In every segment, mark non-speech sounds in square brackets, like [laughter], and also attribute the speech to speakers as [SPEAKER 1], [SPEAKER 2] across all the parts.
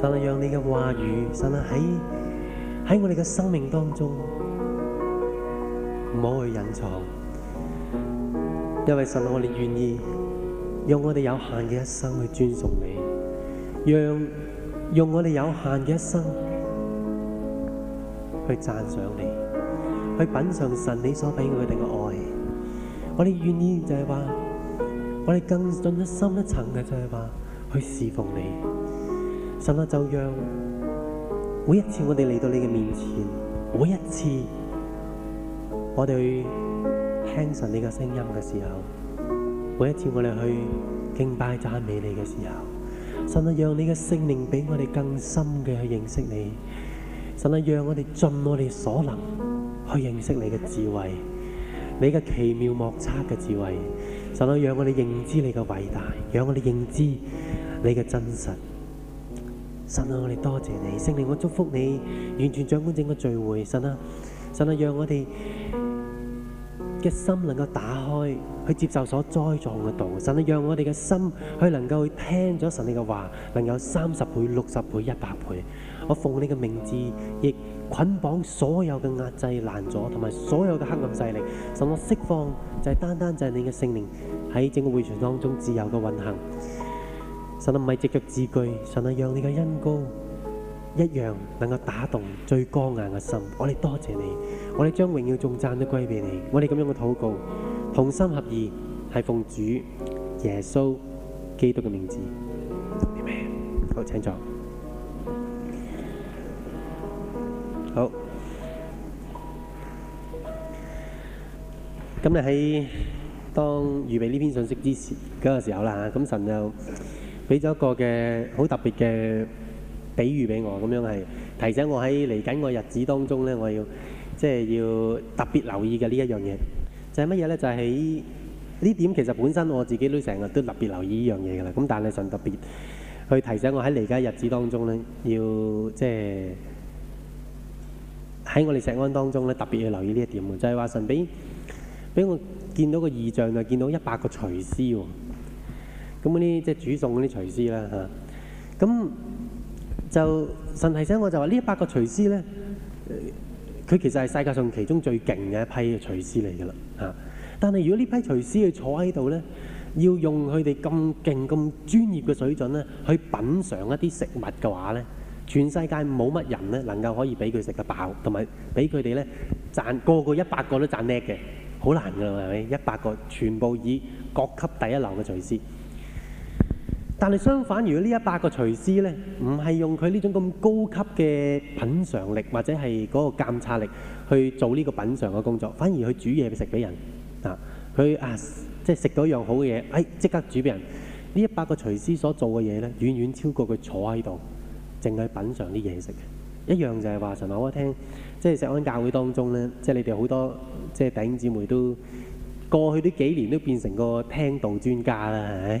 [SPEAKER 1] 神係，讓你嘅話語，神啊喺喺我哋嘅生命當中，唔好去隱藏，因為神，我哋願意用我哋有限嘅一生去尊崇你，讓用我哋有限嘅一生去讚賞你，去品嘗神你所俾我哋嘅愛，我哋願意就係話，我哋更進一深一層嘅就係話，去侍奉你。神啊，就讓每一次我哋嚟到你嘅面前，每一次我哋聽神你嘅聲音嘅時候，每一次我哋去敬拜讚美你嘅時候，神啊，讓你嘅聖靈俾我哋更深嘅去認識你。神啊，讓我哋盡我哋所能去認識你嘅智慧，你嘅奇妙莫測嘅智慧。神啊，讓我哋認知你嘅偉大，讓我哋認知你嘅真實。神啊，我哋多謝你，聖靈，我祝福你，完全掌管整個聚會。神啊，神啊，讓我哋嘅心能夠打開，去接受所栽種嘅道。神啊，讓我哋嘅心去能夠去聽咗神你嘅話，能夠三十倍、六十倍、一百倍。我奉你嘅名字，亦捆綁所有嘅壓制、攔阻同埋所有嘅黑暗勢力。神，我釋放就係單單就係你嘅聖靈喺整個會場當中自由嘅運行。神啊，唔係藉着字句，神係，讓你嘅恩膏一樣能夠打動最剛硬嘅心。我哋多謝你，我哋將榮耀頌讚都歸俾你。我哋咁樣嘅禱告，同心合意，係奉主耶穌基督嘅名字。好，請坐。好。咁你喺當預備呢篇信息之時嗰個時候啦，咁神就。俾咗一個嘅好特別嘅比喻俾我，咁樣係提醒我喺嚟緊嘅日子當中咧，我要即係要特別留意嘅呢一樣嘢，就係乜嘢咧？就係喺呢點，其實本身我自己都成日都特別留意呢樣嘢嘅啦。咁但係順特別去提醒我喺嚟緊日子當中咧，要即係喺我哋石安當中咧特別要留意呢一點嘅，就係話順俾俾我見到個異象啊！就見到一百個廚師喎。咁嗰啲即係煮餸嗰啲廚師啦嚇，咁、啊、就神提醒我就話呢一百個廚師呢，佢、呃、其實係世界上其中最勁嘅一批廚師嚟㗎啦嚇。但係如果呢批廚師去坐喺度呢，要用佢哋咁勁、咁專業嘅水準呢去品嚐一啲食物嘅話呢，全世界冇乜人呢能夠可以俾佢食得飽，同埋俾佢哋呢賺個個一百個都賺叻嘅，好難㗎啦，係咪？一百個全部以各級第一流嘅廚師。但係相反，如果呢一百個廚師呢，唔係用佢呢種咁高級嘅品嚐力，或者係嗰個監察力去做呢個品嚐嘅工作，反而去煮嘢食俾人啊，佢啊，即係食到一樣好嘅嘢，哎，即刻煮俾人。呢一百個廚師所做嘅嘢呢，遠遠超過佢坐喺度，淨係品嚐啲嘢食。一樣就係話，尋日，我聽，即係石安教會當中呢，即係你哋好多即係弟兄姊妹都過去呢幾年都變成個聽道專家啦，係。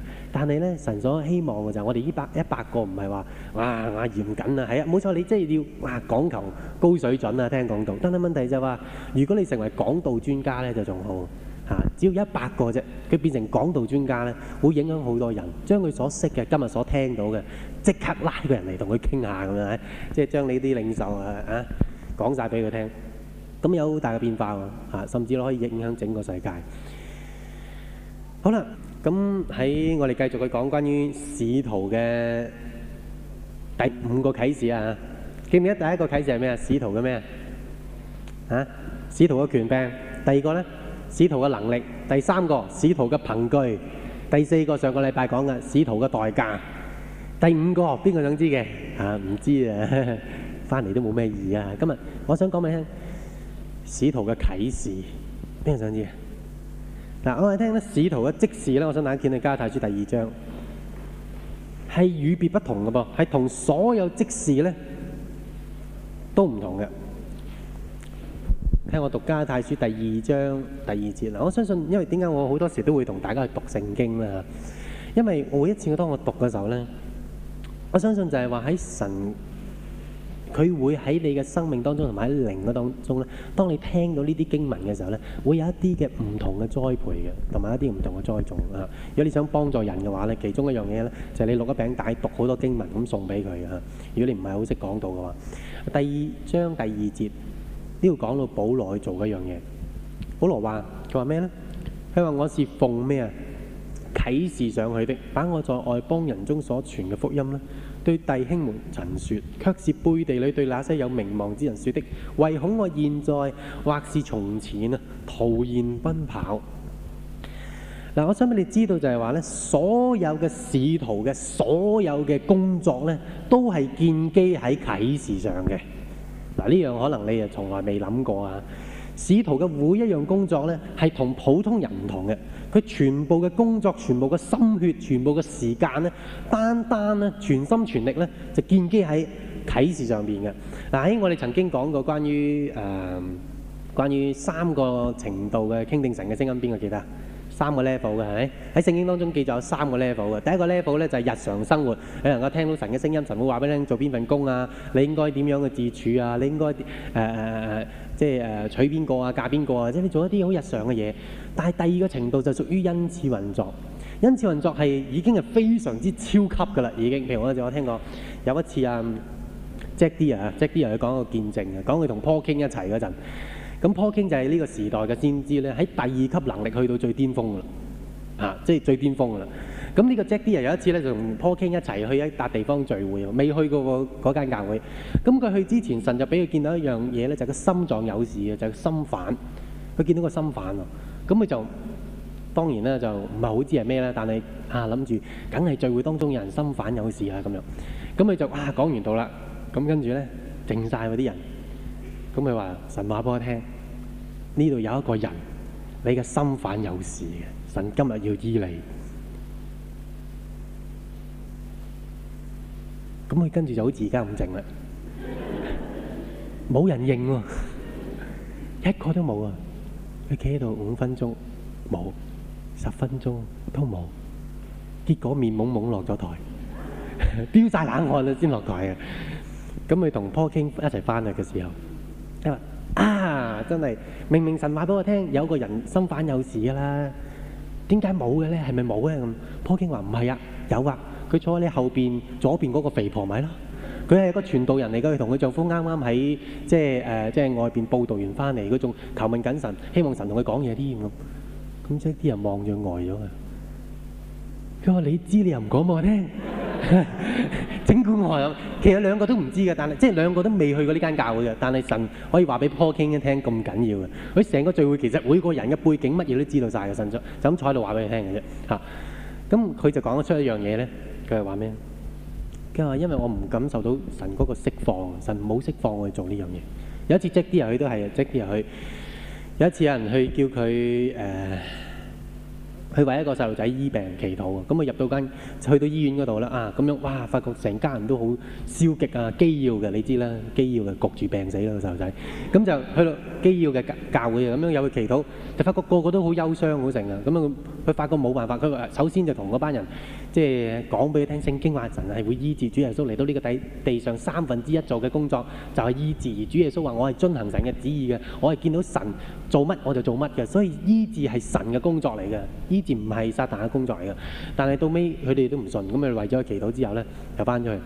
[SPEAKER 1] 但係咧，神所希望嘅就係我哋呢百一百個唔係話哇嚴謹啊，係啊冇錯，你即係要哇講求高水準啊。聽講道，但係問題就係話，如果你成為講道專家咧，就仲好嚇。只要一百個啫，佢變成講道專家咧，會影響好多人，將佢所識嘅今日所聽到嘅，即刻拉個人嚟同佢傾下咁樣，即係將你啲領受啊啊講晒俾佢聽。咁有好大嘅變化喎嚇，甚至可以影響整個世界。好啦。咁喺我哋繼續去講關於使徒嘅第五個啟示啊！記唔記得第一個啟示係咩啊？使徒嘅咩啊？啊！使徒嘅權柄。第二個呢，使徒嘅能力。第三個，使徒嘅憑據。第四個，上個禮拜講嘅使徒嘅代價。第五個，邊個想知嘅啊？唔知道啊，返嚟都冇咩意義啊！今日我想講俾你聽使徒嘅啟示，邊個想知啊？嗱、啊，我係聽呢使徒嘅啟示咧，我想大家見到加拉太書第二章，係與別不同嘅噃，係同所有啟示咧都唔同嘅。聽我讀加拉太書第二章第二節啦。我相信，因為點解我好多時都會同大家去讀聖經啦，因為每一次當我讀嘅時候咧，我相信就係話喺神。佢會喺你嘅生命當中，同埋喺靈嗰當中咧。當你聽到呢啲經文嘅時候咧，會有一啲嘅唔同嘅栽培嘅，同埋一啲唔同嘅栽種啊。如果你想幫助人嘅話咧，其中一樣嘢咧，就係你錄一餅帶讀好多經文咁送俾佢嘅嚇。如果你唔係好識講到嘅話，第二章第二節呢度講到保羅去做嘅一樣嘢。保羅話：佢話咩咧？佢話我是奉咩啊啟示上去的，把我在外邦人中所傳嘅福音咧。對弟兄們陳說，却是背地裏對那些有名望之人說的，唯恐我現在或是從前啊，徒然奔跑。嗱、啊，我想俾你知道就係話咧，所有嘅使徒嘅所有嘅工作咧，都係建基喺啟示上嘅。嗱、啊，呢樣可能你啊從來未諗過啊，使徒嘅每一樣工作咧，係同普通人唔同嘅。佢全部嘅工作、全部嘅心血、全部嘅時間咧，單單咧全心全力咧，就建基喺啟示上邊嘅。嗱、啊、喺我哋曾經講過關於誒、呃、關於三個程度嘅傾定神嘅聲音，邊個記得？三個 level 嘅，係咪？喺聖經當中記載有三個 level 嘅。第一個 level 咧就係、是、日常生活，你能夠聽到神嘅聲音，神會話俾你聽做邊份工啊？你應該點樣嘅自處啊？你應該誒誒、呃呃、即係誒、呃、娶邊個啊？嫁邊個啊？即係你做一啲好日常嘅嘢。但係第二個程度就屬於因賜運作，因賜運作係已經係非常之超級㗎啦。已經，譬如我我聽過有一次啊，Jack 啲啊，Jack 啲又講一個見證啊，講佢同 Paul 傾一齊嗰陣。咁 Paul 傾就係呢個時代嘅先知咧，喺第二級能力去到最巔峯啦，嚇、啊，即、就、係、是、最巔峰㗎啦。咁呢個 Jack 啲又有一次咧，就同 Paul 傾一齊去一笪地方聚會，未去過嗰間教會。咁佢去之前，神就俾佢見到一樣嘢咧，就是、個心臟有事啊，就係、是、心瓣。佢見到個心瓣啊。咁佢就當然啦，就唔係好知係咩啦，但係啊諗住梗係聚會當中有人心煩有事啊咁樣，咁佢就啊講完到啦，咁跟住咧靜曬嗰啲人，咁佢話神話俾我聽，呢度有一個人你嘅心煩有事嘅，神今日要醫你，咁佢跟住就好似而家咁靜啦，冇人認喎，一個都冇啊！佢企喺度五分鐘冇，十分鐘都冇，結果面懵懵落咗台，丟晒冷汗啦，先落台嘅。咁佢同 Paul 傾一齊翻去嘅時候，佢話啊，真係明明神話俾我聽有個人心反有事噶啦，點解冇嘅咧？係咪冇咧？咁 Paul 傾話唔係啊，有啊，佢坐喺你後邊左邊嗰個肥婆咪咯。佢係一個傳道人嚟嘅，佢同佢丈夫啱啱喺即係誒，即係外邊報道完翻嚟，佢仲求問緊神，希望神同佢講嘢啲咁。咁即係啲人望住呆咗啊！佢話你知你又唔講我聽， [laughs] [laughs] 整蠱我啊！其實兩個都唔知噶，但係即係兩個都未去過呢間教會嘅，但係神可以話俾 Paul King 聽咁緊要嘅。佢成個聚會其實每個人嘅背景乜嘢都知道晒嘅，神就咁坐喺度話俾佢聽嘅啫。吓、啊，咁佢就講得出一樣嘢咧，佢係話咩？佢話：因為我唔感受到神嗰個釋放，神冇釋放我去做呢樣嘢。有一次積啲入去都係積啲入去。有一次有人去叫佢誒去為一個細路仔醫病祈禱啊！咁啊入到間去到醫院嗰度啦，啊咁樣，哇！發覺成家人都好消極啊，基要嘅你知啦，基要嘅焗住病死嗰個細路仔。咁就去到基要嘅教會咁樣有佢祈禱，就發覺個個都好憂傷好成啊！咁啊，佢發覺冇辦法，佢話首先就同嗰班人。即係講俾佢聽，聖經話神係會醫治，主耶穌嚟到呢個地地上三分之一做嘅工作就係、是、醫治。而主耶穌話：我係遵行神嘅旨意嘅，我係見到神做乜我就做乜嘅。所以醫治係神嘅工作嚟嘅，醫治唔係撒旦嘅工作嚟嘅。但係到尾佢哋都唔信，咁佢為咗祈禱之後咧又翻咗去。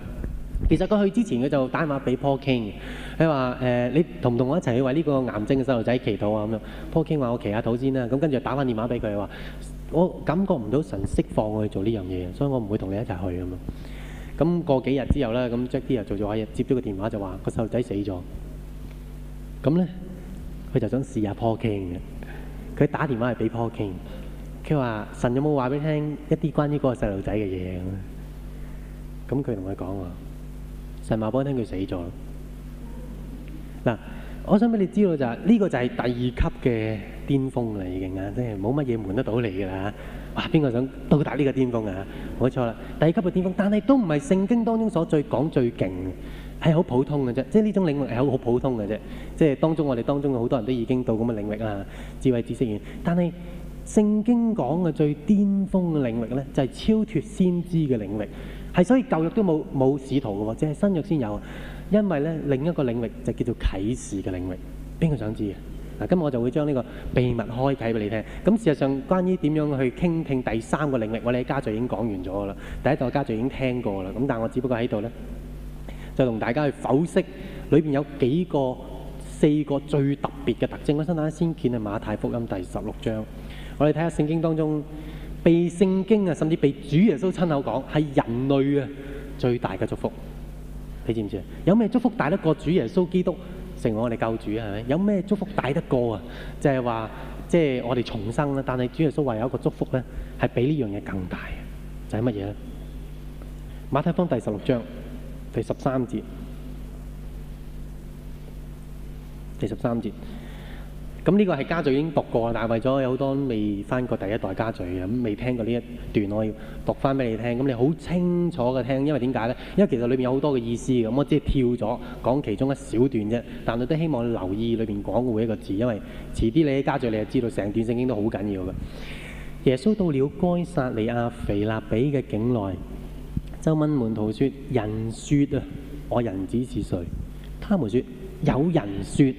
[SPEAKER 1] 其實佢去之前佢就打電話俾 Paul King，佢話：誒、呃、你同唔同我一齊去為呢個癌症嘅細路仔祈禱啊咁樣？Paul King 話、啊：我祈下禱先啦。咁跟住打翻電話俾佢話。我感覺唔到神釋放我去做呢樣嘢，所以我唔會同你一齊去啊嘛。咁過幾日之後咧，咁 Jack 又做咗下嘢，接咗個電話就話個細路仔死咗。咁咧，佢就想試下 Paul King 嘅。佢打電話係俾 Paul King，佢話神有冇話俾聽一啲關於嗰個細路仔嘅嘢咁咧？咁佢同佢講話，神話俾我聽佢死咗。嗱。我想俾你知道就係，是，呢，呢個就係第二級嘅巔峰啦，已經啊，即係冇乜嘢瞞得到你㗎啦哇，邊個想達到達呢個巔峰啊？冇錯啦，第二級嘅巔峰，但係都唔係聖經當中所最講最勁嘅，係好普通嘅啫。即係呢種領域係好好普通嘅啫。即係當中我哋當中好多人都已經到咁嘅領域啦，智慧知識員。但係聖經講嘅最巔峰嘅領域咧，就係，是，超脫先知嘅領域，係所以舊約都冇冇使徒嘅或者係新約先有。因為咧另一個領域就叫做啟示嘅領域，邊個想知嘅？嗱，今日我就會將呢個秘密開啟俾你聽。咁事實上，關於點樣去傾聽第三個領域，我哋家聚已經講完咗嘅啦。第一代家聚已經聽過啦。咁但係我只不過喺度咧，就同大家去剖析裏邊有幾個、四個最特別嘅特徵。我身睇先，見係馬太福音第十六章。我哋睇下聖經當中，被聖經啊，甚至被主耶穌親口講係人類啊最大嘅祝福。你知唔知啊？有咩祝福大得過主耶穌基督成為我哋救主啊？係咪？有咩祝福大得過？就係話、即係、我哋重生，但係主耶穌話有一個祝福咧，係比呢樣嘢更大，就係乜嘢咧？馬太福音第十六章第十三節，第十三節。咁呢個係家傳已經讀過，但係為咗有好多未翻過第一代家傳嘅，咁未聽過呢一段，我要讀翻俾你聽。咁你好清楚嘅聽，因為點解呢？因為其實裏面有好多嘅意思，咁我即係跳咗講其中一小段啫。但係都希望你留意裏邊講嘅每一個字，因為遲啲你喺家傳你就知道成段聖經都好緊要嘅。耶穌到了該撒利亞腓立比嘅境內，就問門徒説：人説啊，我人子是誰？他們説：有人説。.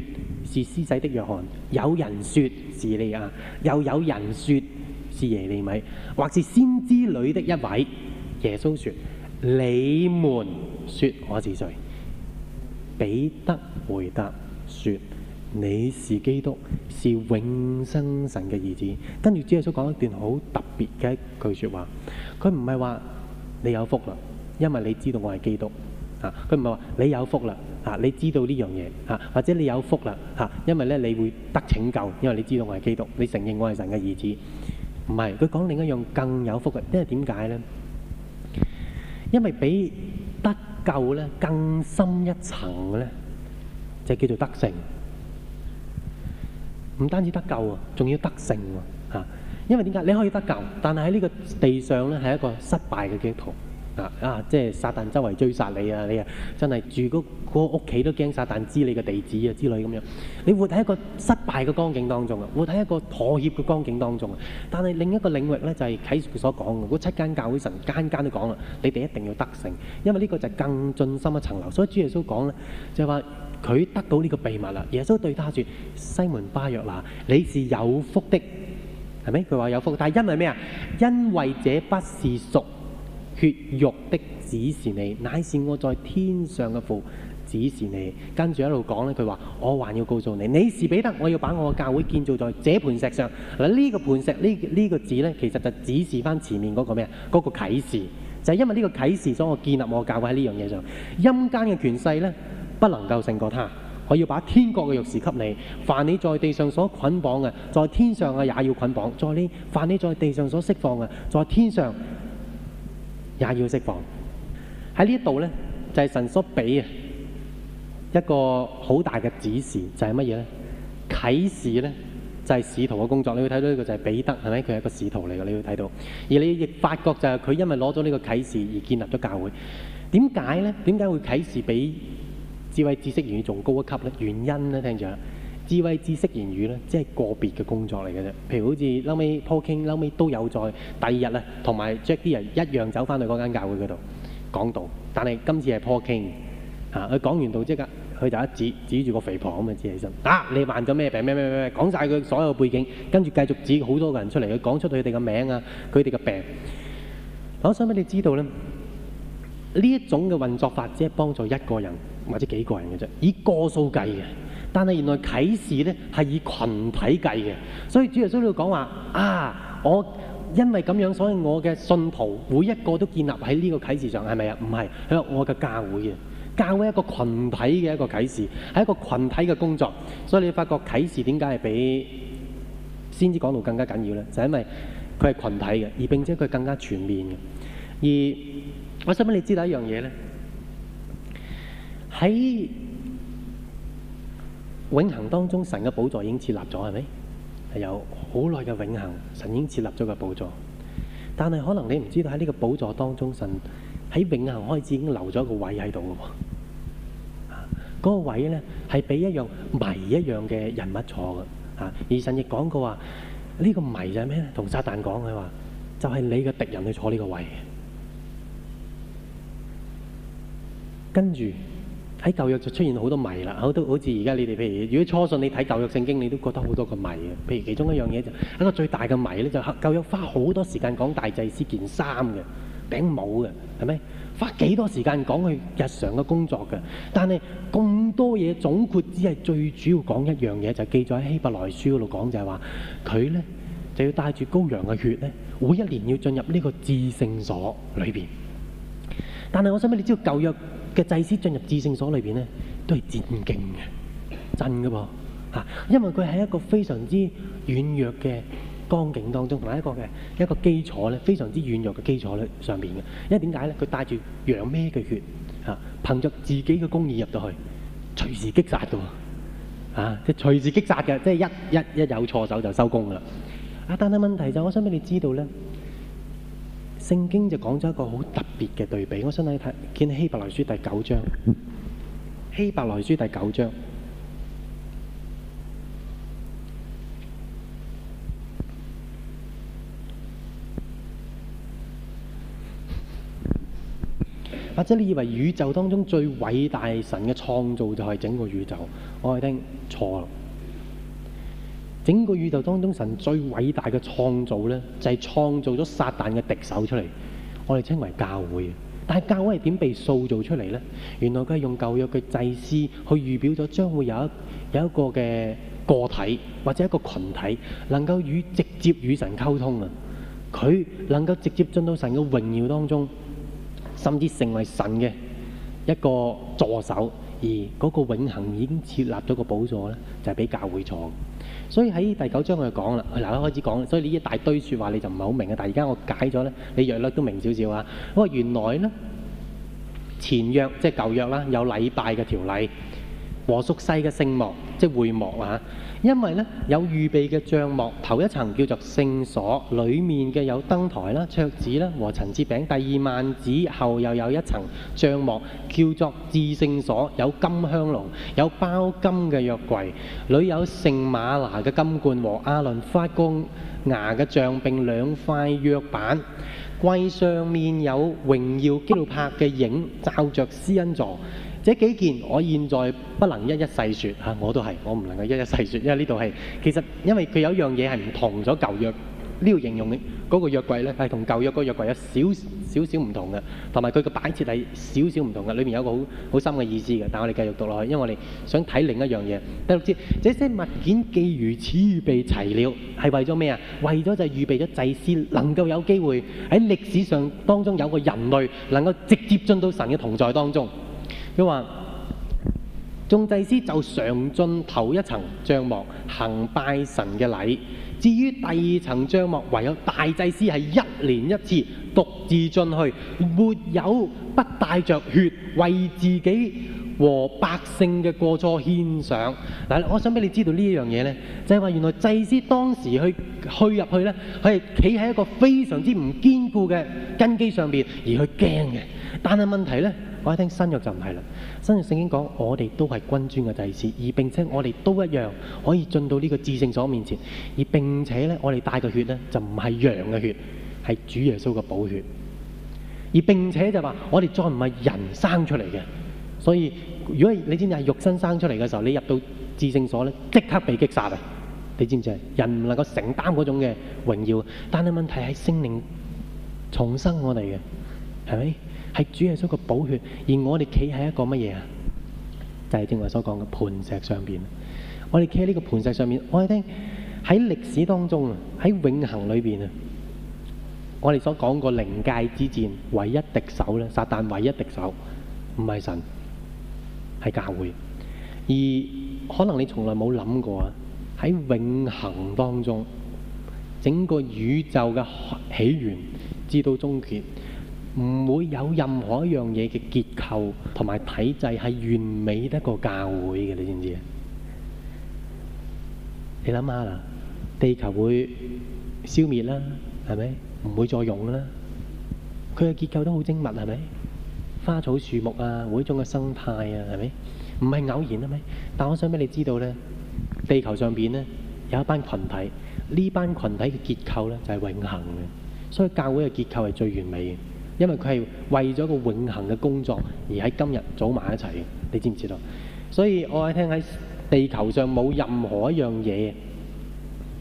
[SPEAKER 1] 是施洗的約翰，有人說是以利亞，又有人說是耶利米，或是先知裏的一位。耶穌說：你們說我是誰？彼得回答說：你是基督，是永生神嘅兒子。跟住，主耶穌講一段好特別嘅一句說話，佢唔係話你有福啦，因為你知道我係基督。啊！佢唔係話你有福啦，啊！你知道呢樣嘢，啊！或者你有福啦，嚇！因為咧，你會得拯救，因為你知道我係基督，你承認我係神嘅兒子。唔係，佢講另一樣更有福嘅，因為點解咧？因為比得救咧更深一層嘅咧，就叫做得勝。唔單止得救啊，仲要得勝喎！嚇！因為點解？你可以得救，但係喺呢個地上咧係一個失敗嘅基督徒。啊，啊即係撒旦周圍追殺你啊！你啊，真係住嗰屋企都驚撒旦知你嘅地址啊之類咁樣。你活喺一個失敗嘅光景當中啊，活喺一個妥協嘅光景當中啊。但係另一個領域咧就係啟示所講嘅，嗰七間教會神間間都講啦，你哋一定要得勝，因為呢個就更進深一層樓。所以主耶穌講咧就係話，佢得到呢個秘密啦。耶穌對他説，西門巴約拿，你是有福的，係咪？佢話有福，但係因為咩啊？因為這不是屬血肉的指示你，乃是我在天上嘅父指示你。跟住一路講咧，佢話我還要告訴你，你是彼得，我要把我嘅教會建造在這磐石上。嗱，呢個磐石呢呢、這個這個字咧，其實就指示翻前面嗰個咩啊？嗰個啟示就係因為呢個啟示，就是、啟示，所以我建立我的教會喺呢樣嘢上。陰間嘅權勢咧，不能夠勝過他。我要把天國嘅鑰匙給你，凡你在地上所捆綁嘅，在天上嘅也要捆綁；在呢，凡你在地上所釋放嘅，在天上。也要釋放。喺呢度就係、是、神所俾一個好大嘅指示，就係乜嘢呢？啟示呢，就係、是、使徒嘅工作。你會睇到呢個就係彼得，係咪佢係一個使徒嚟嘅？你會睇到，而你亦發覺就係佢因為攞咗呢個啟示而建立咗教會。點解呢？點解會啟示比智慧知識要仲高一級呢？原因呢，聽住。智慧、知識、言語咧，即係個別嘅工作嚟嘅啫。譬如好似落尾 Paul King，落尾都有在第二日咧、啊，同埋 Jack 啲人、er、一樣走翻去嗰間教會嗰度講道。但係今次係 Paul King，啊，佢講完道即刻，佢就一指指住個肥婆咁就指起身：，啊，你患咗咩病？咩咩咩咩，講晒佢所有背景，跟住繼續指好多個人出嚟，佢講出佢哋嘅名啊，佢哋嘅病。我想俾你知道咧，呢一種嘅運作法只係幫助一個人或者幾個人嘅啫，以個數計嘅。但係原來啟示咧係以群體計嘅，所以主耶穌喺度講話啊，我因為咁樣，所以我嘅信徒每一個都建立喺呢個啟示上，係咪啊？唔係，係我嘅教會嘅教會一個群體嘅一個啟示，係一個群體嘅工作，所以你發覺啟示點解係比先知講道更加緊要咧？就係因為佢係群體嘅，而並且佢更加全面嘅。而我想俾你知道一樣嘢咧，喺永恆當中，神嘅寶座已經設立咗，係咪？係有好耐嘅永恆，神已經設立咗個寶座。但係可能你唔知道喺呢個寶座當中，神喺永恆開始已經留咗一個位喺度嘅喎。嗰個位咧係俾一樣謎一樣嘅人物坐嘅。啊，而神亦講過話：這個、是什麼，呢個謎就係咩咧？同撒旦講佢話，就係、是、你嘅敵人去坐呢個位。跟住。喺舊約就出現好多謎啦，好多好似而家你哋，譬如如果初信你睇舊約聖經，你都覺得好多個謎嘅。譬如其中一樣嘢就一個最大嘅謎咧，就係舊約花好多時間講大祭司件衫嘅、頂帽嘅，係咪？花幾多時間講佢日常嘅工作嘅？但係咁多嘢總括只係最主要講一樣嘢，就記載喺希伯來書嗰度講，就係話佢咧就要帶住羔羊嘅血咧，每一年要進入呢個至聖所裏邊。但係我想問你知唔知舊約嘅祭司進入至聖所裏邊咧，都係戰兢嘅，真噶噃嚇，因為佢喺一個非常之軟弱嘅光景當中，同埋一個嘅一個基礎咧，非常之軟弱嘅基礎咧上邊嘅。因為點解咧？佢帶住羊咩嘅血嚇、啊，憑着自己嘅公義入到去，隨時擊殺噶、啊、喎、啊、即係隨時擊殺嘅，即係一一一有錯手就收工啦。啊，但係問題就我想俾你知道咧。聖經就講咗一個好特別嘅對比，我想睇睇見希伯來書第九章。希伯來書第九章，或者你以為宇宙當中最偉大神嘅創造就係整個宇宙，我哋聽錯啦。整個宇宙當中，神最偉大嘅創造呢，就係創造咗撒旦嘅敵手出嚟，我哋稱為教會。但係教會係點被塑造出嚟呢？原來佢係用舊約嘅祭司去預表咗，將會有一有一個嘅個體或者一個群體能夠與直接與神溝通啊，佢能夠直接進到神嘅榮耀當中，甚至成為神嘅一個助手。而嗰個永恆已經設立咗個寶座呢，就係俾教會坐。所以喺第九章佢講啦，佢嗱一開始講了，所以這一大堆説話你就唔係好明白。但係而家我解咗你略略都明少少啊。我原來呢，前約即係舊約啦，有禮拜嘅條例和屬世嘅聖幕，即係會幕啊。因為咧有預備嘅帳幕，頭一層叫做聖所，裡面嘅有燈台啦、桌子啦和陳設餅。第二幔子後又有一層帳幕，叫做至聖所，有金香爐，有包金嘅約櫃，裏有盛嗎哪嘅金罐和亞倫發過芽嘅杖並兩塊約版。櫃上面有榮耀基路伯嘅影，罩着施恩座。這幾件我現在不能一一細説嚇，我都係我唔能夠一一細説，因為呢度係其實因為佢有一樣嘢係唔同咗舊約呢個形容嘅嗰個約櫃咧，係同舊約嗰個約櫃有少少少唔同嘅，同埋佢嘅擺設係少少唔同嘅，裏面有個好好深嘅意思嘅。但係我哋繼續讀落去，因為我哋想睇另一樣嘢。第六節，這些物件既如此預備齊了，係為咗咩啊？為咗就係預備咗祭司，能夠有機會喺歷史上當中有個人類能夠直接進到神嘅同在當中。佢話：眾祭司就常進頭一層帳幕行拜神嘅禮，至於第二層帳幕，唯有大祭司係一年一次獨自進去，沒有不帶着血為自己和百姓嘅過錯獻上。嗱，我想俾你知道呢一樣嘢呢就係話原來祭司當時去去入去呢佢係企喺一個非常之唔堅固嘅根基上面，而去驚嘅。但係問題呢。我一聽新約就唔係啦，新約聖經講，我哋都係君尊嘅祭司，而並且我哋都一樣可以進到呢個至聖所面前，而並且咧我哋帶嘅血咧就唔係羊嘅血，係主耶穌嘅寶血，而並且就話我哋再唔係人生出嚟嘅，所以如果你知唔知係肉身生出嚟嘅時候，你入到至聖所咧即刻被擊殺啊！你知唔知啊？人唔能夠承擔嗰種嘅榮耀，但係問題係聖靈重生我哋嘅。係咪？係主耶穌個寶血，而我哋企喺一個乜嘢啊？就係正話所講嘅磐石上邊。我哋企喺呢個磐石上面，我哋聽喺歷史當中啊，喺永恆裏邊啊，我哋所講過靈界之戰唯一敵手咧，撒旦唯一敵手唔係神，係教會。而可能你從來冇諗過啊，喺永恆當中，整個宇宙嘅起源至到終結。唔會有任何一樣嘢嘅結構同埋體制係完美得過教會嘅，你知唔知啊？你諗下啦，地球會消滅啦，係咪唔會再用啦？佢嘅結構都好精密，係咪花草樹木啊，每一種嘅生態啊，係咪唔係偶然啊？係咪？但我想俾你知道呢，地球上邊呢，有一班群,群體，呢班群體嘅結構呢，就係、是、永恆嘅，所以教會嘅結構係最完美嘅。因為佢係為咗個永恆嘅工作而喺今日組埋一齊嘅，你知唔知道？所以我喺聽喺地球上冇任何一樣嘢，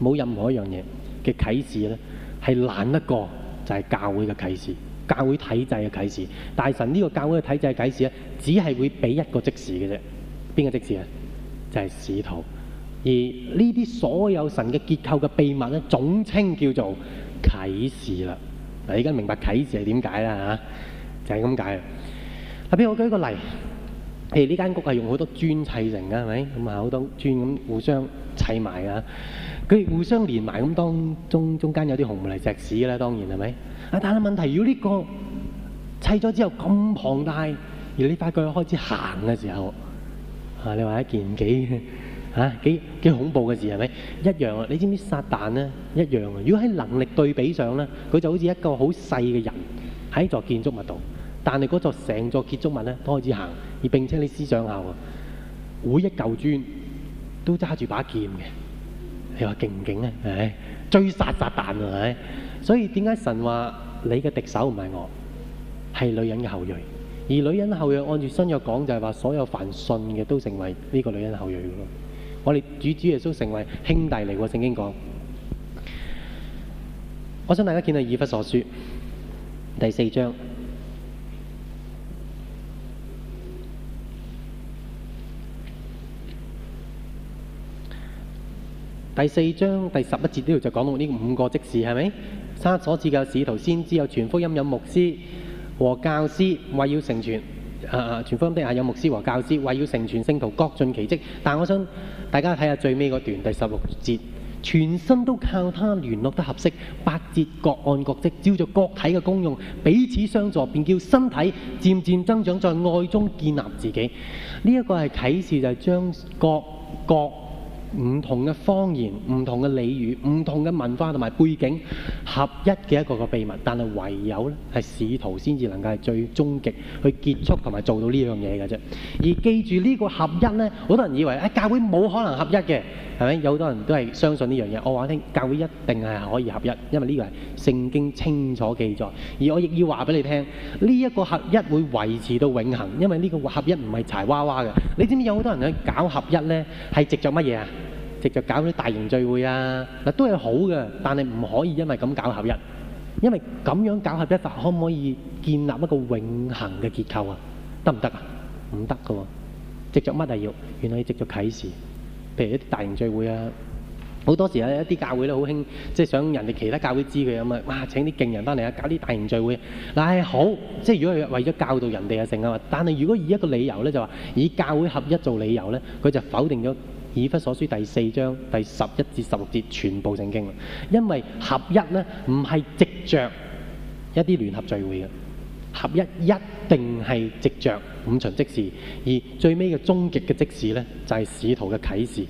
[SPEAKER 1] 冇任何一樣嘢嘅啟示呢係難得過就係教會嘅啟示、教會體制嘅啟示、大神呢個教會嘅體制嘅啟示呢只係會俾一個即時嘅啫。邊個即時啊？就係、是、使徒。而呢啲所有神嘅結構嘅秘密呢總稱叫做啟示啦。嗱，而家明白啟示係點解啦嚇，就係咁解。啊，譬如我舉一個例，譬如呢間屋係用好多磚砌成噶，係咪？咁啊好多磚咁互相砌埋啊，佢互相連埋咁，當中中間有啲紅泥石屎啦，當然係咪？啊，但係問題係如果呢個砌咗之後咁龐大，而你發覺開始行嘅時候，啊，你話一件幾？嚇，幾幾恐怖嘅事係咪一樣啊？你知唔知撒但咧一樣啊？如果喺能力對比上咧，佢就好似一個好細嘅人喺座建築物度，但係嗰座成座建築物咧都開始行，而並且你思想下喎，每一嚿磚都揸住把劍嘅，你話勁唔勁啊？係，追殺撒但啊！所以點解神話你嘅敵手唔係我係女人嘅後裔，而女人後裔按住新約講就係話所有凡信嘅都成為呢個女人後裔咯。我哋主主耶穌成為兄弟嚟喎，聖經講。我想大家見到《以弗所書》第四章。第四章第十一節呢度就講到呢五個職事，係咪？他所指嘅使徒、先知、有傳福音、有牧師和教師，為要成全。啊啊！全福音底下有牧師和教師為要成全聖徒，各盡其職。但我想大家睇下最尾嗰段第十六節，全身都靠他聯絡得合適，百節各按各職，照著各體嘅功用彼此相助，便叫身體漸漸增長，在愛中建立自己。呢、這、一個係啟示，就係將各各。唔同嘅方言、唔同嘅俚語、唔同嘅文化同埋背景合一嘅一個個秘密，但係唯有呢係使徒先至能夠係最終極去結束同埋做到呢樣嘢嘅啫。而記住呢個合一呢，好多人以為，哎，教會冇可能合一嘅。係咪有好多人都係相信呢樣嘢？我話聽教會一定係可以合一，因為呢個係聖經清楚記載。而我亦要話俾你聽，呢一個合一會維持到永恆，因為呢個合一唔係柴娃娃嘅。你知唔知有好多人去搞合一呢？係藉著乜嘢啊？藉著搞啲大型聚會啊，嗱都係好嘅，但係唔可以因為咁搞合一，因為咁樣搞合一法可唔可以建立一個永恆嘅結構啊？得唔得啊？唔得㗎喎，藉著乜啊？要原來要藉著啟示。譬如一啲大型聚會啊，好多時有一啲教會咧好興，即係想人哋其他教會知佢咁啊，哇！請啲勁人翻嚟啊，搞啲大型聚會。唉，好，即係如果係為咗教導人哋就成嘛。但係如果以一個理由咧就話以教會合一做理由咧，佢就否定咗以弗所書第四章第十一至十六節全部聖經啦。因為合一咧唔係藉着一啲聯合聚會嘅。合一一定係直着五尋即時，而最尾嘅終極嘅即時呢，就係、是、使徒嘅啟示。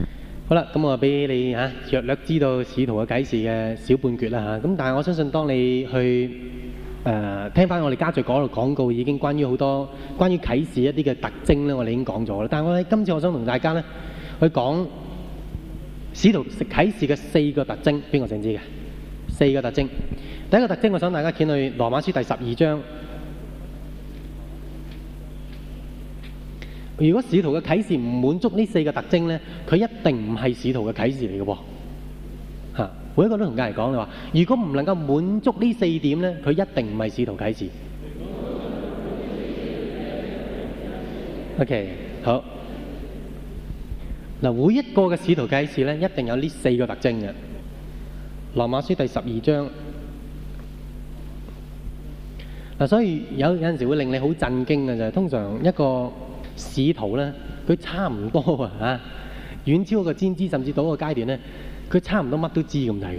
[SPEAKER 1] 嗯、好啦，咁我俾你嚇，略、啊、略知道使徒嘅啟示嘅小半決啦嚇。咁、啊、但係我相信，當你去誒、啊、聽翻我哋家聚講嘅講告，已經關於好多關於啟示一啲嘅特徵呢，我哋已經講咗啦。但係我喺今次我想同大家呢，去講使徒啟示嘅四個特徵，邊個想知嘅？四個特徵，第一個特徵，我想大家見去《羅馬書》第十二章。如果使徒嘅啟示唔滿足呢四個特徵咧，佢一定唔係使徒嘅啟示嚟嘅喎。嚇，每一個都同隔籬講，嘅話如果唔能夠滿足呢四點咧，佢一定唔係使徒啟示。O.K. 好。嗱，每一個嘅使徒啟示咧，一定有呢四個特徵嘅。《羅馬書》第十二章。嗱，所以有有陣時會令你好震驚嘅就係，通常一個使徒咧，佢差唔多啊，遠超過個先知，甚至到個階段咧，佢差唔多乜都知咁大嘅。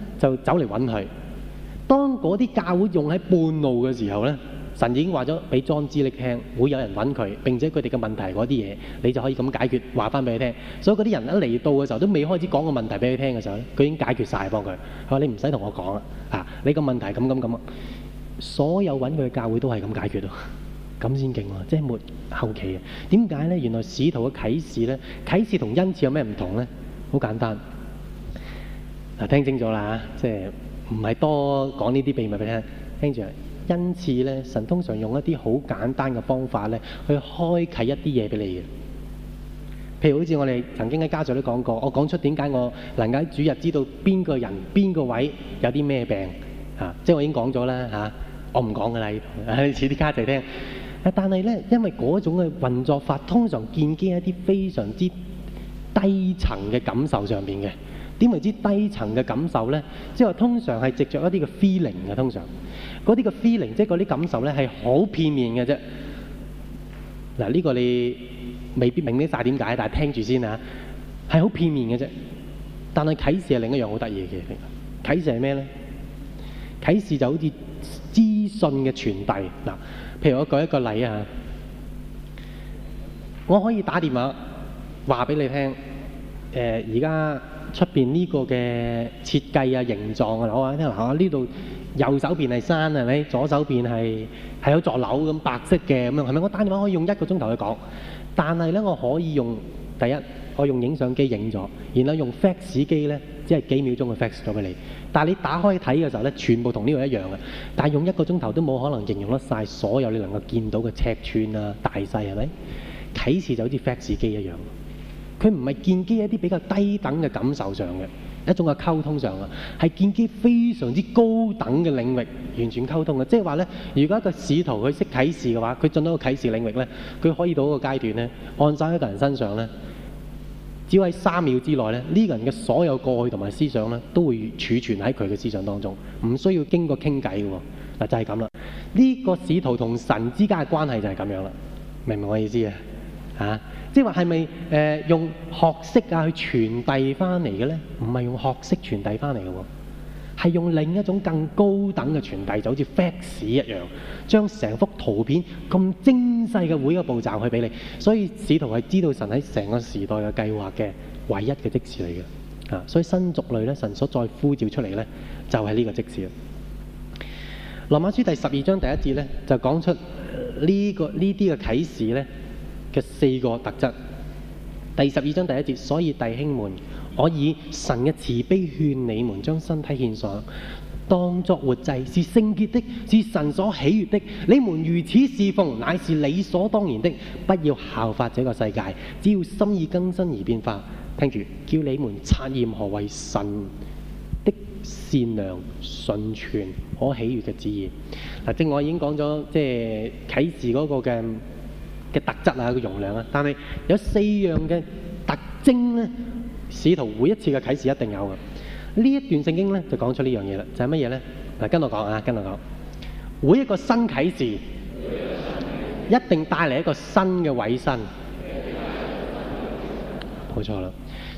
[SPEAKER 1] 就走嚟揾佢。當嗰啲教會用喺半路嘅時候呢，神已經話咗俾莊志力聽，會有人揾佢，並且佢哋嘅問題嗰啲嘢，你就可以咁解決，話翻俾佢聽。所以嗰啲人一嚟到嘅時候，都未開始講個問題俾佢聽嘅時候，佢已經解決晒幫佢。佢話你唔使同我講啦，啊，你個問題咁咁咁。所有揾佢嘅教會都係咁解決咯，咁先勁喎，即係冇後期啊。點解呢？原來使徒嘅啟示呢，啟示同恩賜有咩唔同呢？好簡單。嗱，聽清楚啦嚇，即係唔係多講呢啲秘密俾聽？聽住，因此咧，神通常用一啲好簡單嘅方法咧，去開啟一啲嘢俾你嘅。譬如好似我哋曾經喺家姐都講過，我講出點解我能夠喺主日知道邊個人邊個位有啲咩病、啊、即係我已經講咗啦嚇，我唔講噶啦，似、啊、啲家姐聽。啊、但係咧，因為嗰種嘅運作法通常建基喺一啲非常之低層嘅感受上面嘅。點為之低層嘅感受咧？即係話通常係藉着一啲嘅 feeling 嘅，通常嗰啲嘅 feeling，即係嗰啲感受咧，係好片面嘅啫。嗱，呢個你未必明呢晒係點解？但係聽住先啊，係好片面嘅啫。但係啟示係另一樣好得意嘅，其實。啟示係咩咧？啟示就好似資訊嘅傳遞嗱。譬如我舉一個例啊，我可以打電話話俾你聽，誒而家。出面呢個嘅設計啊、形狀我啊，好啊，聽下呢度右手邊係山係咪？左手邊係係有座樓咁白色嘅咁樣，係咪？我打電話可以用一個鐘頭去講，但係咧，我可以用第一，我用影相機影咗，然後用 fax 機咧，即係幾秒鐘嘅 fax 咗俾你。但係你打開睇嘅時候咧，全部同呢度一樣嘅。但係用一個鐘頭都冇可能形容得晒所有你能夠見到嘅尺寸啊、大細係咪？啟示就好似 fax 機一樣。佢唔係建基一啲比較低等嘅感受上嘅一種嘅溝通上嘅，係建基非常之高等嘅領域完全溝通嘅，即係話呢，如果一個使徒佢識啟示嘅話，佢進到個啟示領域呢，佢可以到一個階段呢，按晒喺個人身上呢，只要喺三秒之內呢，呢個人嘅所有過去同埋思想呢，都會儲存喺佢嘅思想當中，唔需要經過傾偈嘅喎，嗱就係咁啦。呢個使徒同神之間嘅關係就係咁樣啦，明唔明我意思啊？嚇？即係話，係咪，誒，用學識啊去傳遞翻嚟嘅呢？唔係用學識傳遞翻嚟嘅，係用另一種更高等嘅傳遞，就好似 fax 一樣，將成幅圖片咁精細嘅每個步驟去俾你。所以使徒係知道神喺成個時代嘅計劃嘅唯一嘅職事嚟嘅啊！所以新族類咧，神所再呼召出嚟咧，就係、是、呢個職事啦。羅馬書第十二章第一節咧，就講出、呃這個，這些呢個呢啲嘅啟示咧。嘅四個特質，第十二章第一節，所以弟兄們，我以神嘅慈悲勸你們，將身體獻上，當作活祭，是聖潔的，是神所喜悅的。你們如此侍奉，乃是理所當然的。不要效法這個世界，只要心意更新而變化。聽住，叫你們察驗何為神的善良、純全、可喜悅嘅旨意。嗱，正話我已經講咗，即係啟示嗰個嘅。嘅特質啊，個容量啊，但係有四樣嘅特徵咧，使徒每一次嘅啟示一定有嘅。呢一段聖經咧就講出呢樣嘢啦，就係乜嘢咧？嗱，跟我講啊，跟我講，每一個新啟示一定帶嚟一個新嘅委身。冇錯啦。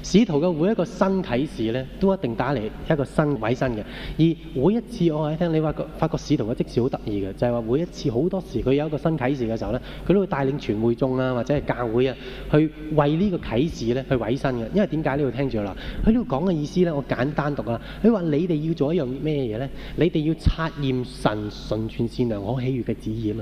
[SPEAKER 1] 使徒嘅每一個新啟示咧，都一定打嚟一個新委身嘅。而每一次我喺聽你話覺發覺使徒嘅職事好得意嘅，就係話每一次好多時佢有一個新啟示嘅時候咧，佢都會帶領全會眾啊，或者係教會啊，去為呢個啟示咧去委身嘅。因為點解呢？我聽住啦，佢呢個講嘅意思咧，我簡單讀啊。佢話你哋要做一樣咩嘢咧？你哋要察驗神純全善良可喜悅嘅旨意啊！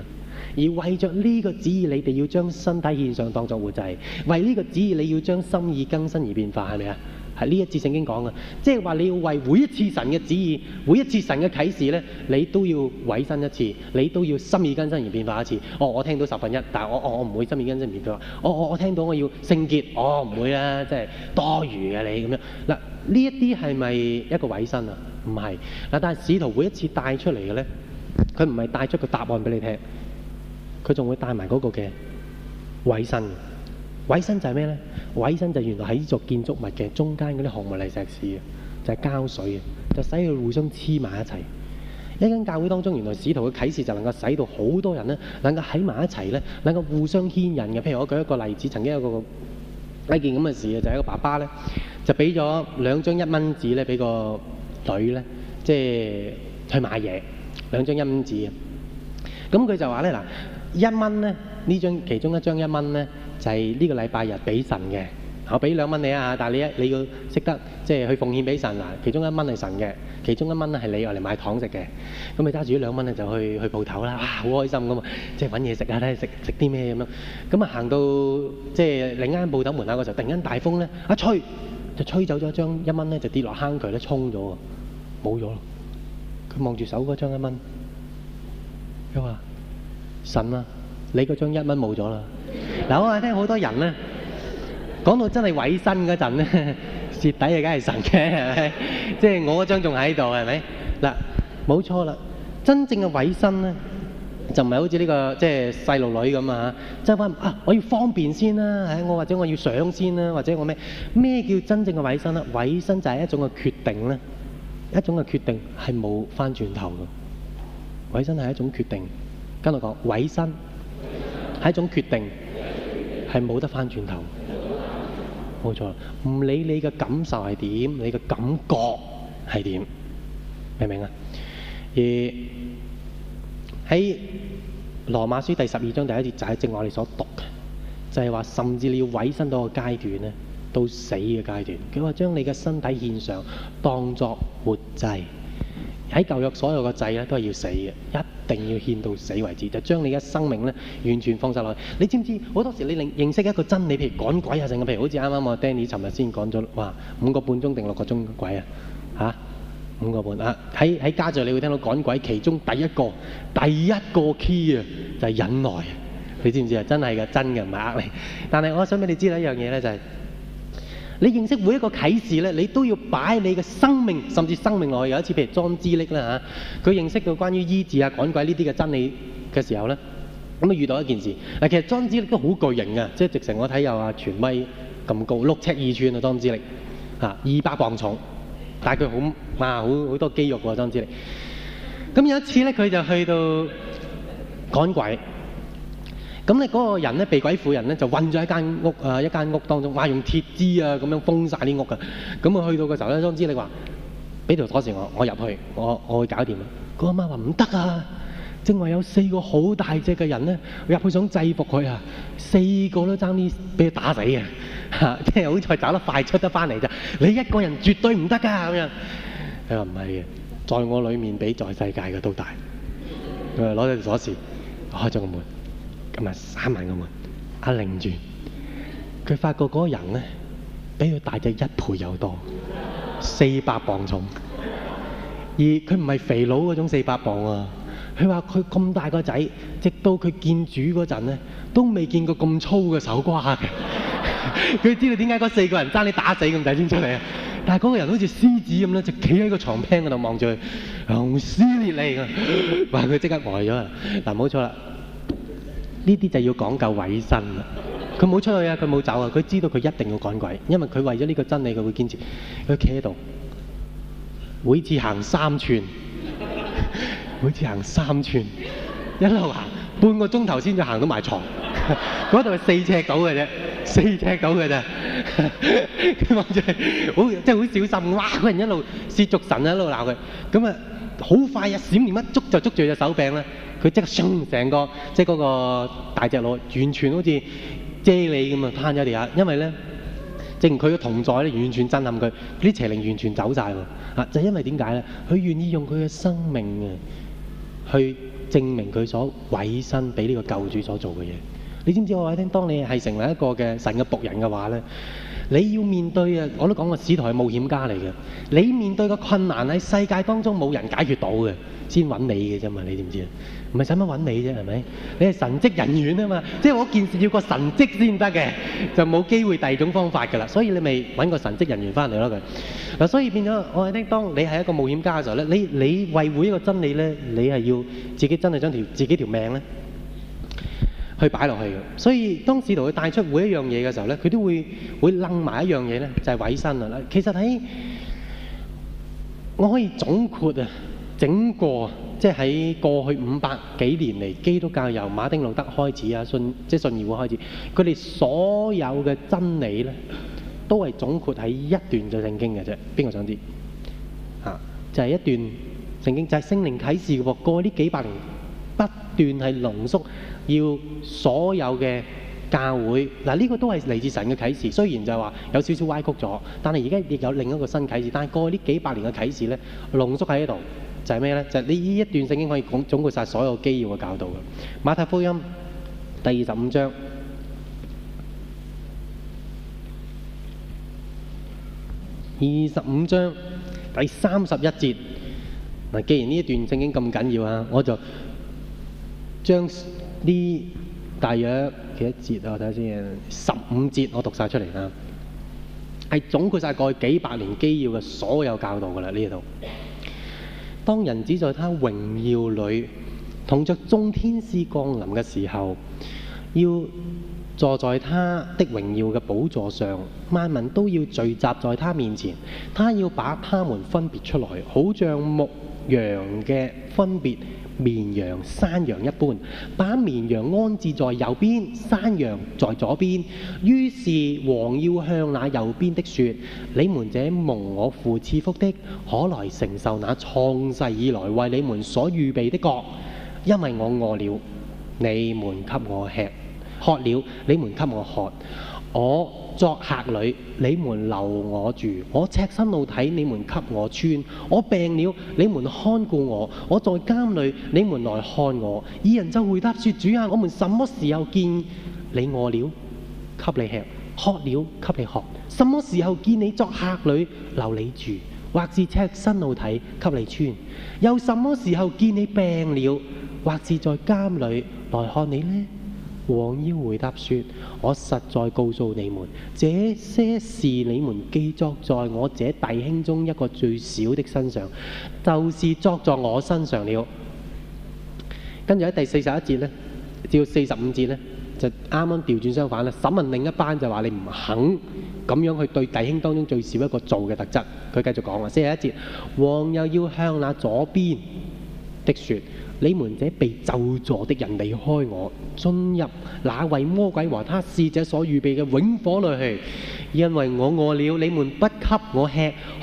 [SPEAKER 1] 而為着呢個旨意，你哋要將身體獻上當作活祭；為呢個旨意，你要將心意更新而變化，係咪啊？係呢一節聖經講嘅，即係話你要為每一次神嘅旨意、每一次神嘅啟示呢，你都要委身一次，你都要心意更新而變化一次。哦，我聽到十分一，但係我我唔會心意更新而變化。哦，我我我聽到我要聖潔，哦，我唔會啦，即係多餘啊你！你咁樣嗱，呢一啲係咪一個委身啊？唔係嗱，但係使徒每一次帶出嚟嘅呢，佢唔係帶出個答案俾你聽。佢仲會帶埋嗰個嘅衛生，衛生就係咩呢？衛生就係原來喺座建築物嘅中間嗰啲項目嚟石屎，就係、是、膠水就使佢互相黐埋一齊。一間教會當中，原來使徒嘅啟示就能夠使到好多人呢，能夠喺埋一齊呢，能夠互相牽引嘅。譬如我舉一個例子，曾經有個一件咁嘅事啊，就係、是、一個爸爸呢，就俾咗兩張一蚊紙呢俾個女呢，即、就、係、是、去買嘢，兩張一蚊紙。咁佢就話呢。嗱。一蚊咧，呢張其中一張一蚊咧，就係呢個禮拜日俾神嘅。我俾兩蚊你啊，但係你一你要識得即係去奉獻俾神嗱。其中一蚊係神嘅，其中一蚊咧係你用嚟買糖食嘅。咁你揸住呢兩蚊咧就去去鋪頭啦，哇！好開心咁啊，即係揾嘢食下，睇下食食啲咩咁樣。咁啊行到即係另一間鋪頭門口嗰時候，突然間大風咧，一吹就吹走咗張一蚊咧，就跌落坑渠咧，沖咗喎，冇咗咯。佢望住手嗰張一蚊，佢話。神啦、啊，你嗰張一蚊冇咗啦。嗱，我係聽好多人咧，講到真係委身嗰陣咧，蝕底啊，梗係神嘅，係咪？即、就、係、是、我嗰張仲喺度係咪？嗱，冇錯啦。真正嘅委身咧，就唔係好似呢、這個即係細路女咁啊，即係話啊，我要方便先啦、啊，唉、啊，我或者我要上先啦、啊，或者我咩？咩叫真正嘅委身咧？委身就係一種嘅決定咧，一種嘅決定係冇翻轉頭嘅。委身係一種決定。跟住我講，委身係一種決定，係冇得翻轉頭。冇錯，唔理你嘅感受係點，你嘅感覺係點，明唔明啊？而喺羅馬書第十二章第一節就係正我哋所讀嘅，就係話甚至你要委身到個階段咧，到死嘅階段，佢話將你嘅身體獻上，當作活祭。喺舊約所有個祭咧都係要死嘅，一定要獻到死為止，就將你嘅生命咧完全放晒落去。你知唔知好多時你認認識一個真理，譬如趕鬼啊成個，譬如好似啱啱我 Danny 尋日先講咗，哇，五個半鐘定六個鐘嘅鬼啊吓、啊？五個半啊喺喺家聚你會聽到趕鬼，其中第一個第一個 key 啊就係、是、忍耐，你知唔知啊？真係嘅，真嘅唔係呃你。但係我想俾你知到一樣嘢咧，就係。你認識每一個啟示咧，你都要擺你嘅生命，甚至生命落去。有一次，譬如莊之力啦嚇，佢認識到關於醫治啊趕鬼呢啲嘅真理嘅時候咧，咁啊遇到一件事，嗱其實莊之力都好巨型嘅，即係直情我睇有阿全威咁高，六尺二寸啊莊之力嚇，二、啊、二百磅重，但係佢好啊好好多肌肉喎莊之力，咁有一次咧佢就去到趕鬼。咁你嗰個人咧，被鬼附人咧，就困咗喺間屋啊，一間屋當中，話用鐵枝啊咁樣封晒啲屋嘅、啊。咁我去到嘅時候咧，總之你話：俾條鎖匙我，我入去，我我去搞掂啦。阿、嗰個、媽話唔得啊，正話有四個好大隻嘅人咧入去想制服佢啊，四個都爭啲俾佢打死啊！即 [laughs] 係好在走得快出得翻嚟咋。你一個人絕對唔得噶咁樣。佢話唔係嘅，在我裡面比在世界嘅都大。佢話攞咗條鎖匙，開咗個門。今日閂埋個門。阿令住，佢發覺嗰個人咧，比佢大隻一倍有多，四百磅重。而佢唔係肥佬嗰種四百磅啊。佢話：佢咁大個仔，直到佢見主嗰陣咧，都未見過咁粗嘅手瓜嘅。佢 [laughs] 知道點解嗰四個人爭你打死咁滯先出嚟啊？但係嗰個人好似獅子咁咧，就企喺個床廳嗰度望住，佢、啊，雄裂嚟㗎，話佢即刻呆咗啊！嗱，冇錯啦。呢啲就要講究衛生啦！佢冇出去啊，佢冇走啊，佢知道佢一定要趕鬼，因為佢為咗呢個真理，佢會堅持。佢企喺度，每次行三寸，每次行三寸，一路行半個鐘頭先至行到埋床。嗰度係四尺度嘅啫，四尺度嘅啫。佢望住，好即係好小心。哇！嗰人一路褻瀆神一路鬧佢，咁啊好快啊閃電一捉就捉住隻手柄啦！佢即刻衝成個，即係嗰個大隻佬完全好似啫喱咁啊，攤咗地下。因為咧，正佢嘅同在咧，完全震撼佢。啲邪靈完全走晒喎啊！就是、因為點解咧？佢願意用佢嘅生命啊，去證明佢所委身俾呢個救主所做嘅嘢。你知唔知我話你聽？當你係成為一個嘅神嘅僕人嘅話咧，你要面對啊，我都講過，使徒係冒險家嚟嘅。你面對嘅困難喺世界當中冇人解決到嘅，先揾你嘅啫嘛。你知唔知啊？唔係使乜揾你啫，係咪？你係神職人員啊嘛，即係我件事要個神職先得嘅，就冇機會第二種方法噶啦。所以你咪揾個神職人員翻嚟咯佢。嗱，所以變咗我覺得，當你係一個冒險家嘅時候咧，你你維護一個真理咧，你係要自己真係將條自己條命咧去擺落去。所以當使徒佢帶出每一樣嘢嘅時候咧，佢都會會楞埋一樣嘢咧，就係委身啊！嗱，其實喺我可以總括啊，整個。即係喺過去五百幾年嚟，基督教由馬丁路德開始啊，信即係信義會開始，佢哋所有嘅真理咧，都係總括喺一段就聖經嘅啫。邊個想知？啊，就係一段聖經，就係聖靈啟示嘅喎。過去呢幾百年不斷係濃縮，要所有嘅教會嗱，呢個都係嚟自神嘅啟示。雖然就係話有少少歪曲咗，但係而家亦有另一個新啟示。但係過去呢幾百年嘅啟示咧，濃縮喺呢度。就係咩咧？就係呢一段聖經可以講總括曬所有基要嘅教導嘅。馬太福音第二十五章，二十五章第三十一節。嗱，既然呢一段聖經咁緊要啊，我就將呢大約幾多節啊？睇下先，十五節我讀曬出嚟啦。係總括曬過去幾百年基要嘅所有教導嘅啦，呢度。當人子在他榮耀裏同着眾天使降臨嘅時候，要坐在他的榮耀嘅寶座上，萬民都要聚集在他面前，他要把他們分別出來，好像牧羊嘅分別綿羊、山羊一般，把綿羊安置在右邊，山羊在左邊。於是王要向那右邊的説：你們這蒙我父賜福的，可來承受那創世以來為你們所預備的國，因為我餓了，你們給我吃；渴了，你們給我喝。我作客旅，你們留我住，我赤身露體，你們給我穿；我病了，你們看顧我；我在監裏，你們來看我。二人就回答說：主啊，我們什麼時候見你餓了，給你吃；渴了，給你喝？什麼時候見你作客旅，留你住，或是赤身露體，給你穿？又什麼時候見你病了，或是在監裏來看你呢？王要回答說：我實在告訴你們，這些事你們既作在我這弟兄中一個最小的身上，就是作在我身上了。跟住喺第四十一節呢，至到四十五節呢，就啱啱調轉相反啦。審問另一班就話你唔肯咁樣去對弟兄當中最少一個做嘅特質。佢繼續講話，四十一節，王又要向那左邊的說。你們這被咒詛的人離開我，進入那為魔鬼和他使者所預備嘅永火裏去，因為我餓了，你們不給我吃；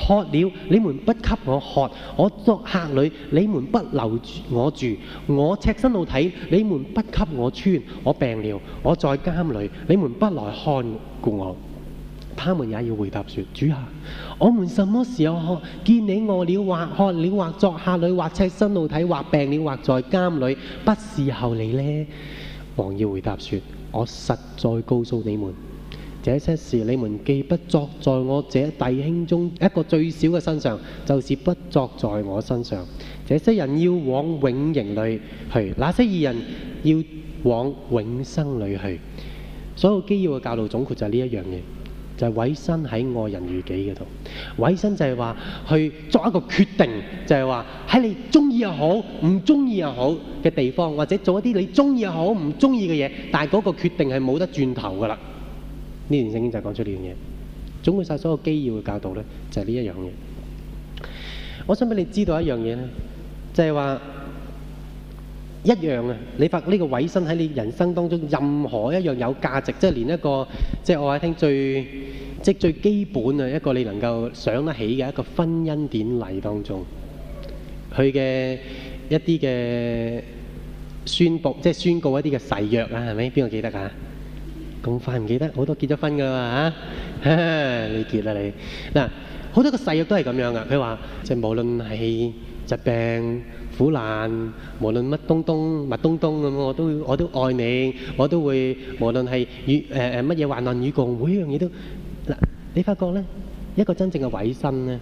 [SPEAKER 1] 渴了，你們不給我喝；我作客旅，你們不留我住；我赤身露體，你們不給我穿；我病了，我在監裏，你們不來看顧我。他們也要回答説：主啊，我們什麼時候看見你餓了或渴了或作下女或赤身露體或病了或在監裏不伺候你呢？王要回答説：我實在告訴你們，這些事你們既不作在我這弟兄中一個最小嘅身上，就是不作在我身上。這些人要往永刑裏去，那些義人要往永生裏去。所有基要嘅教導總括就係呢一樣嘢。就係委身喺愛人如己嗰度，委身就係話去作一個決定，就係話喺你中意又好，唔中意又好嘅地方，或者做一啲你中意又好，唔中意嘅嘢，但係嗰個決定係冇得轉頭噶啦。呢段聖經就係講出呢樣嘢，總括晒所有機要嘅教導呢，就係呢一樣嘢。我想俾你知道一樣嘢呢，就係話。一樣啊！你發覺呢個委身喺你人生當中任何一樣有價值，即係連一個，即係我喺聽最即係最基本啊一個你能夠想得起嘅一個婚姻典禮當中，佢嘅一啲嘅宣佈，即係宣告一啲嘅誓約啊，係咪？邊個記得啊？咁快唔記得好多結咗婚噶啦嘛嚇！你結啦你嗱，好多個誓約都係咁樣噶。佢話即係無論係疾病。苦難，無論乜東東、麥東東咁，我都我都愛你，我都會無論係與誒誒乜嘢患難與共，每一樣嘢都嗱。你發覺咧，一個真正嘅偉新咧，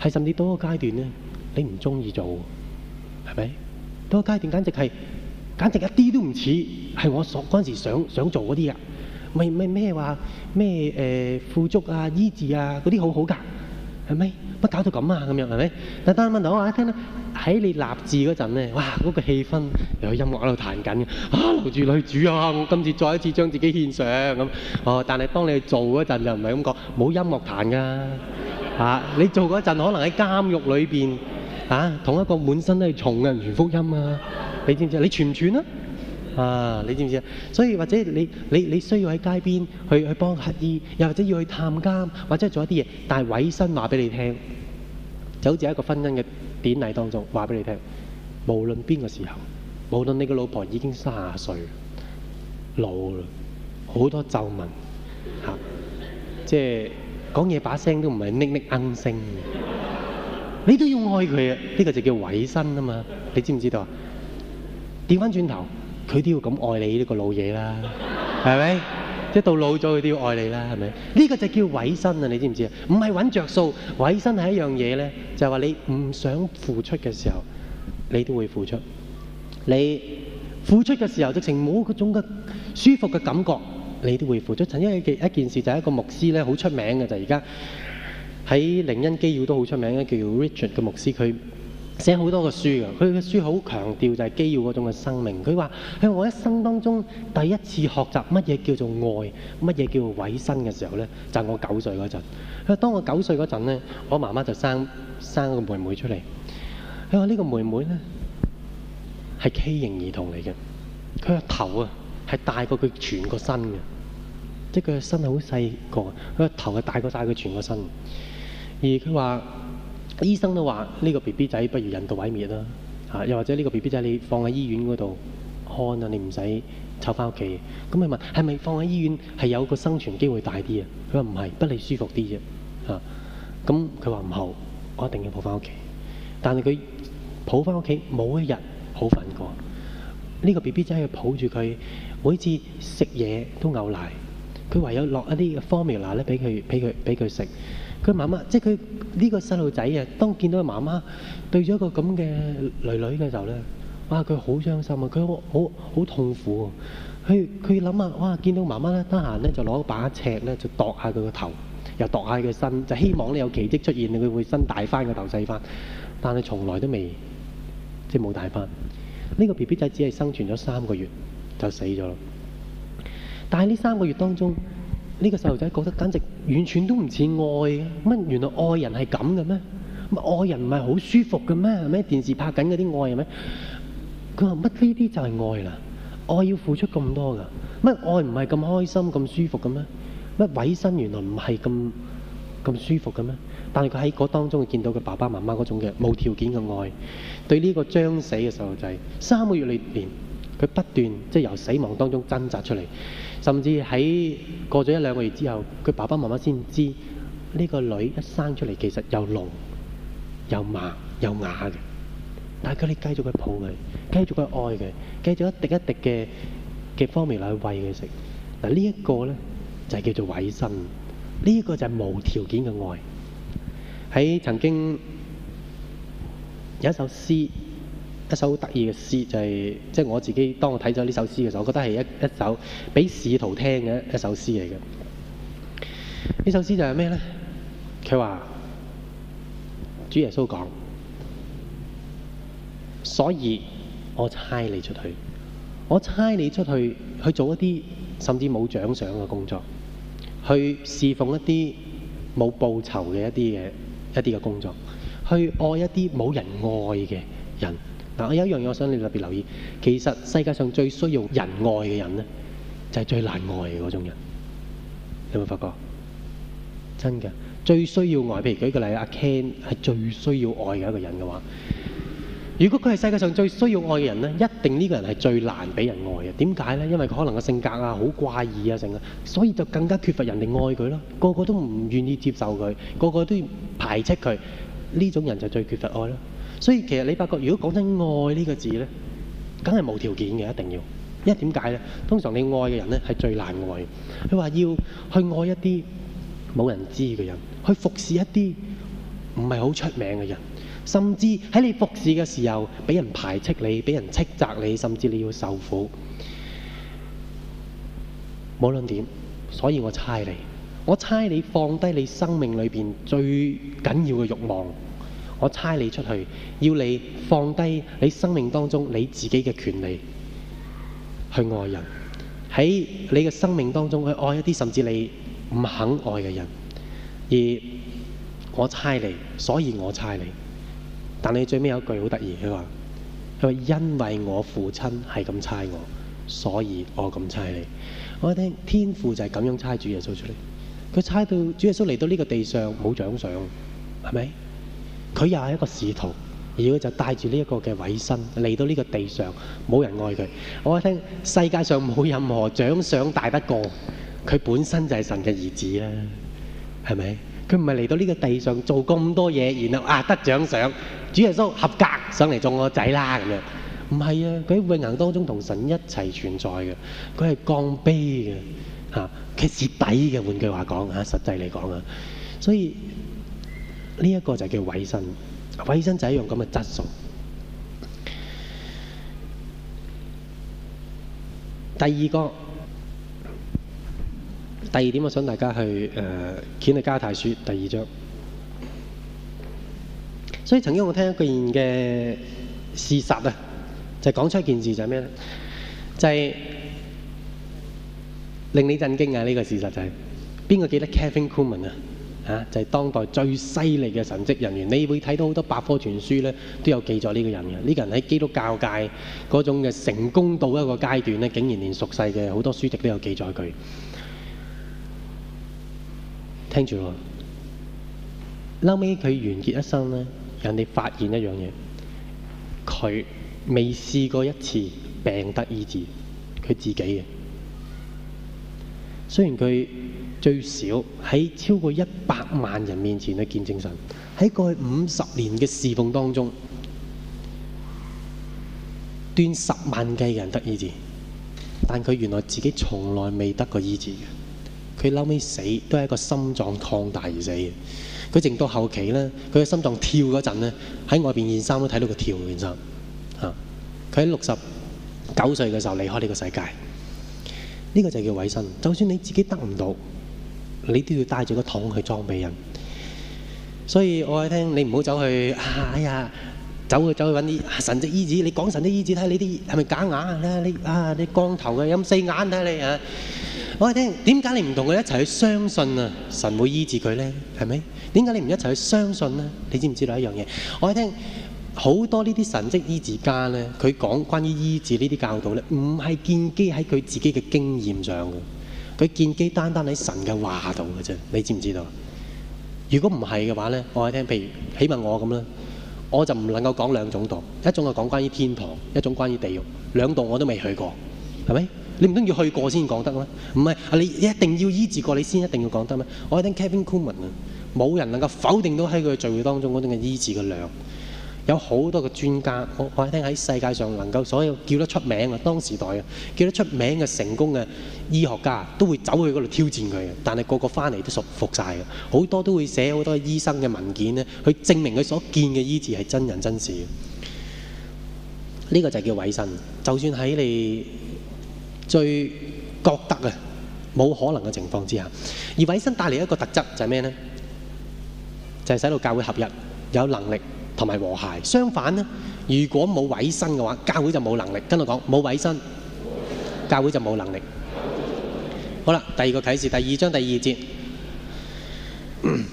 [SPEAKER 1] 係甚至多個階段咧，你唔中意做，係咪？多個階段簡直係，簡直一啲都唔似係我所嗰陣時想想做嗰啲啊，咪咪咩話咩誒富足啊、醫治啊嗰啲好好㗎，係咪？乜搞到咁啊？咁樣係咪？但但問題我話你聽咧，喺你立志嗰陣咧，哇！嗰個氣氛又有音樂喺度彈緊嘅。啊，留住女主啊！我今次再一次將自己獻上咁。哦，但係當你做嗰陣就唔係咁講，冇音樂彈噶。啊，你做嗰陣可能喺監獄裏邊啊，同一個滿身都係蟲嘅人，全福音啊，你知唔知？你傳唔傳啊？啊！你知唔知啊？所以或者你你你需要喺街邊去去幫乞兒，又或者要去探監，或者做一啲嘢，但係委身話俾你聽，就好似喺一個婚姻嘅典禮當中話俾你聽，無論邊個時候，無論你個老婆已經三十歲，老啦了，好多皺紋嚇，即係講嘢把聲都唔係匿匿恩聲， [laughs] 你都要愛佢啊！呢個就叫委身啊嘛，你知唔知道啊？調翻轉頭。佢都要咁愛你呢個老嘢啦，係咪？即到老咗，佢都要愛你啦，係咪？呢個就叫委身啊！你知唔知啊？唔係揾著數，委身係一樣嘢咧，就係話你唔想付出嘅時候，你都會付出。你付出嘅時候，直情冇嗰種嘅舒服嘅感覺，你都會付出。曾經有一件一件事，就係一個牧師咧，好出名嘅就係而家喺靈恩基要都好出名嘅，叫做 Richard 嘅牧師，佢。寫好多個書㗎，佢嘅書好強調就係基要嗰種嘅生命。佢話喺我一生當中，第一次學習乜嘢叫做愛，乜嘢叫做委身嘅時候咧，就係、是、我九歲嗰陣。佢話當我九歲嗰陣咧，我媽媽就生生個妹妹出嚟。佢話呢個妹妹咧，係畸形兒童嚟嘅，佢個頭啊係大過佢全個身嘅，即係佢個身係好細個，佢個頭係大過晒佢全個身。而佢話。醫生都話呢個 B B 仔不如人道毀滅啦，嚇！又或者呢個 B B 仔你放喺醫院嗰度看啊，你唔使湊翻屋企。咁你問：係咪放喺醫院係有個生存機會大啲啊？佢話唔係，不你舒服啲啫。嚇！咁佢話唔好，我一定要抱翻屋企。但係佢抱翻屋企冇一日好瞓過。呢個 B B 仔要抱住佢，每次食嘢都嘔奶。佢唯有落一啲嘅 formula 咧俾佢俾佢俾佢食。佢媽媽，即係佢呢個細路仔啊！當見到佢媽媽對咗一個咁嘅女女嘅時候咧，哇！佢好傷心啊！佢好好好痛苦喎。佢佢諗下，哇！見到媽媽咧，得閒咧就攞把尺咧就度下佢個頭，又度下佢個身，就希望咧有奇蹟出現，佢會身大翻個頭細翻。但係從來都未，即係冇大翻。呢個 BB 仔只係生存咗三個月就死咗。但係呢三個月當中。呢個細路仔覺得簡直完全都唔似愛啊，乜原來愛人係咁嘅咩？咁愛人唔係好舒服嘅咩？咩電視拍緊嗰啲愛係咩？佢話乜呢啲就係愛啦？愛要付出咁多㗎？乜愛唔係咁開心咁舒服嘅咩？乜委身原來唔係咁咁舒服嘅咩？但係佢喺嗰當中見到佢爸爸媽媽嗰種嘅無條件嘅愛，對呢個將死嘅細路仔三個月裏邊，佢不斷即係由死亡當中掙扎出嚟。甚至喺過咗一兩個月之後，佢爸爸媽媽先知呢個女一生出嚟，其實又聾又盲又啞，但係佢哋繼續去抱佢，繼續去愛佢，繼續一滴一滴嘅方便奶去餵佢食。嗱，呢一個呢就係叫做委身，呢個就係無條件嘅愛。喺曾經有一首詩。一首得意嘅詩就係即係我自己。當我睇咗呢首詩嘅時候，我覺得係一一首俾使徒聽嘅一首詩嚟嘅。呢首詩就係咩呢？佢話主耶穌講，所以我差你出去，我差你出去去做一啲甚至冇獎賞嘅工作，去侍奉一啲冇報酬嘅一啲嘅一啲嘅工作，去愛一啲冇人愛嘅人。嗱，我有一樣嘢我想你特別留意，其實世界上最需要人愛嘅人咧，就係最難愛嘅嗰種人。你有冇發覺？真嘅，最需要愛，譬如舉個例，阿 Ken 係最需要愛嘅一個人嘅話，如果佢係世界上最需要愛嘅人咧，一定呢個人係最難俾人愛嘅。點解咧？因為佢可能個性格啊好怪異啊成啊，所以就更加缺乏人哋愛佢咯。個個都唔願意接受佢，個個都要排斥佢。呢種人就最缺乏愛咯。所以其實你發覺，如果講真愛呢個字呢，梗係無條件嘅，一定要。因為點解呢？通常你愛嘅人呢係最難愛嘅。你話要去愛一啲冇人知嘅人，去服侍一啲唔係好出名嘅人，甚至喺你服侍嘅時候，俾人排斥你，俾人斥責你，甚至你要受苦，無論點。所以我猜你，我猜你放低你生命裏面最緊要嘅慾望。我差你出去，要你放低你生命當中你自己嘅權利，去愛人，喺你嘅生命當中去愛一啲甚至你唔肯愛嘅人，而我差你，所以我差你。但你最尾有一句好得意，佢話：因為因為我父親係咁差我，所以我咁差你。我一聽天父就係咁樣差主耶穌出嚟，佢差到主耶穌嚟到呢個地上冇獎賞，係咪？佢又係一個使徒，而佢就帶住呢一個嘅委身嚟到呢個地上，冇人愛佢。我一聽世界上冇任何獎賞大得過佢本身就係神嘅兒子啦，係咪？佢唔係嚟到呢個地上做咁多嘢，然後啊得獎賞，主耶穌合格，上嚟做我個仔啦咁樣。唔係啊，佢喺永恆當中同神一齊存在嘅，佢係降卑嘅嚇，佢蝕底嘅。換句話講嚇，實際嚟講啊，所以。呢一個就叫衞生，衞生就係一樣咁嘅質素。第二個，第二點，我想大家去誒《韋、呃、加拉太書》第二章。所以曾經我聽一個人嘅事實啊，就講、是、出一件事，就係咩咧？就係令你震驚啊！呢、這個事實就係邊個記得 Kevin Kuhlman 啊？啊、就係、是、當代最犀利嘅神職人員，你會睇到好多百科全書咧，都有記載呢個人嘅。呢、這個人喺基督教界嗰種嘅成功到一個階段咧，竟然連熟世嘅好多書籍都有記載佢。聽住咯，後尾佢完結一生咧，人哋發現一樣嘢，佢未試過一次病得醫治，佢自己嘅。雖然佢最少喺超過一百萬人面前去見證神喺過去五十年嘅侍奉當中，端十萬計嘅人得醫治，但佢原來自己從來未得過醫治嘅。佢嬲尾死都係一個心臟擴大而死嘅。佢直到後期咧，佢嘅心臟跳嗰陣咧，喺外邊件衫都睇到佢跳嘅件衫嚇。佢喺六十九歲嘅時候離開呢個世界，呢個就叫委身。就算你自己得唔到。你都要帶住個桶去裝俾人，所以我喺聽你唔好走去啊！哎呀，走去走去揾啲神跡醫治，你講神跡醫治睇下你啲係咪假牙啊？睇下你啊，你光頭嘅有冇四眼睇下你啊？我喺聽點解你唔同佢一齊去相信啊？神會醫治佢咧，係咪？點解你唔一齊去相信咧？你知唔知道一樣嘢？我喺聽好多呢啲神跡醫治家咧，佢講關於醫治呢啲教導咧，唔係建基喺佢自己嘅經驗上嘅。佢見機單單喺神嘅話度嘅啫，你知唔知道？如果唔係嘅話呢，我喺聽，譬如起碼我咁啦，我就唔能夠講兩種道，一種係講關於天堂，一種關於地獄，兩度我都未去過，係咪？你唔通要去過先講得咩？唔係啊，你一定要醫治過你先一定要講得咩？我喺聽 Kevin Kuhlman 啊，冇人能夠否定到喺佢嘅聚會當中嗰種嘅醫治嘅量，有好多個專家，我我聽喺世界上能夠所有叫得出名嘅當時代嘅叫得出名嘅成功嘅醫學家，都會走去嗰度挑戰佢。但係個個返嚟都服服曬，好多都會寫好多醫生嘅文件咧，去證明佢所見嘅醫治係真人真事嘅。呢個就叫偉信，就算喺你最覺得啊冇可能嘅情況之下，而偉信帶嚟一個特質就係咩呢？就係使到教會合一，有能力。同埋和、和諧，相反呢，如果冇委身嘅話，教會就冇能力。跟我講，冇委身，教會就冇能力。好啦，第二個啟示，第二章第二節。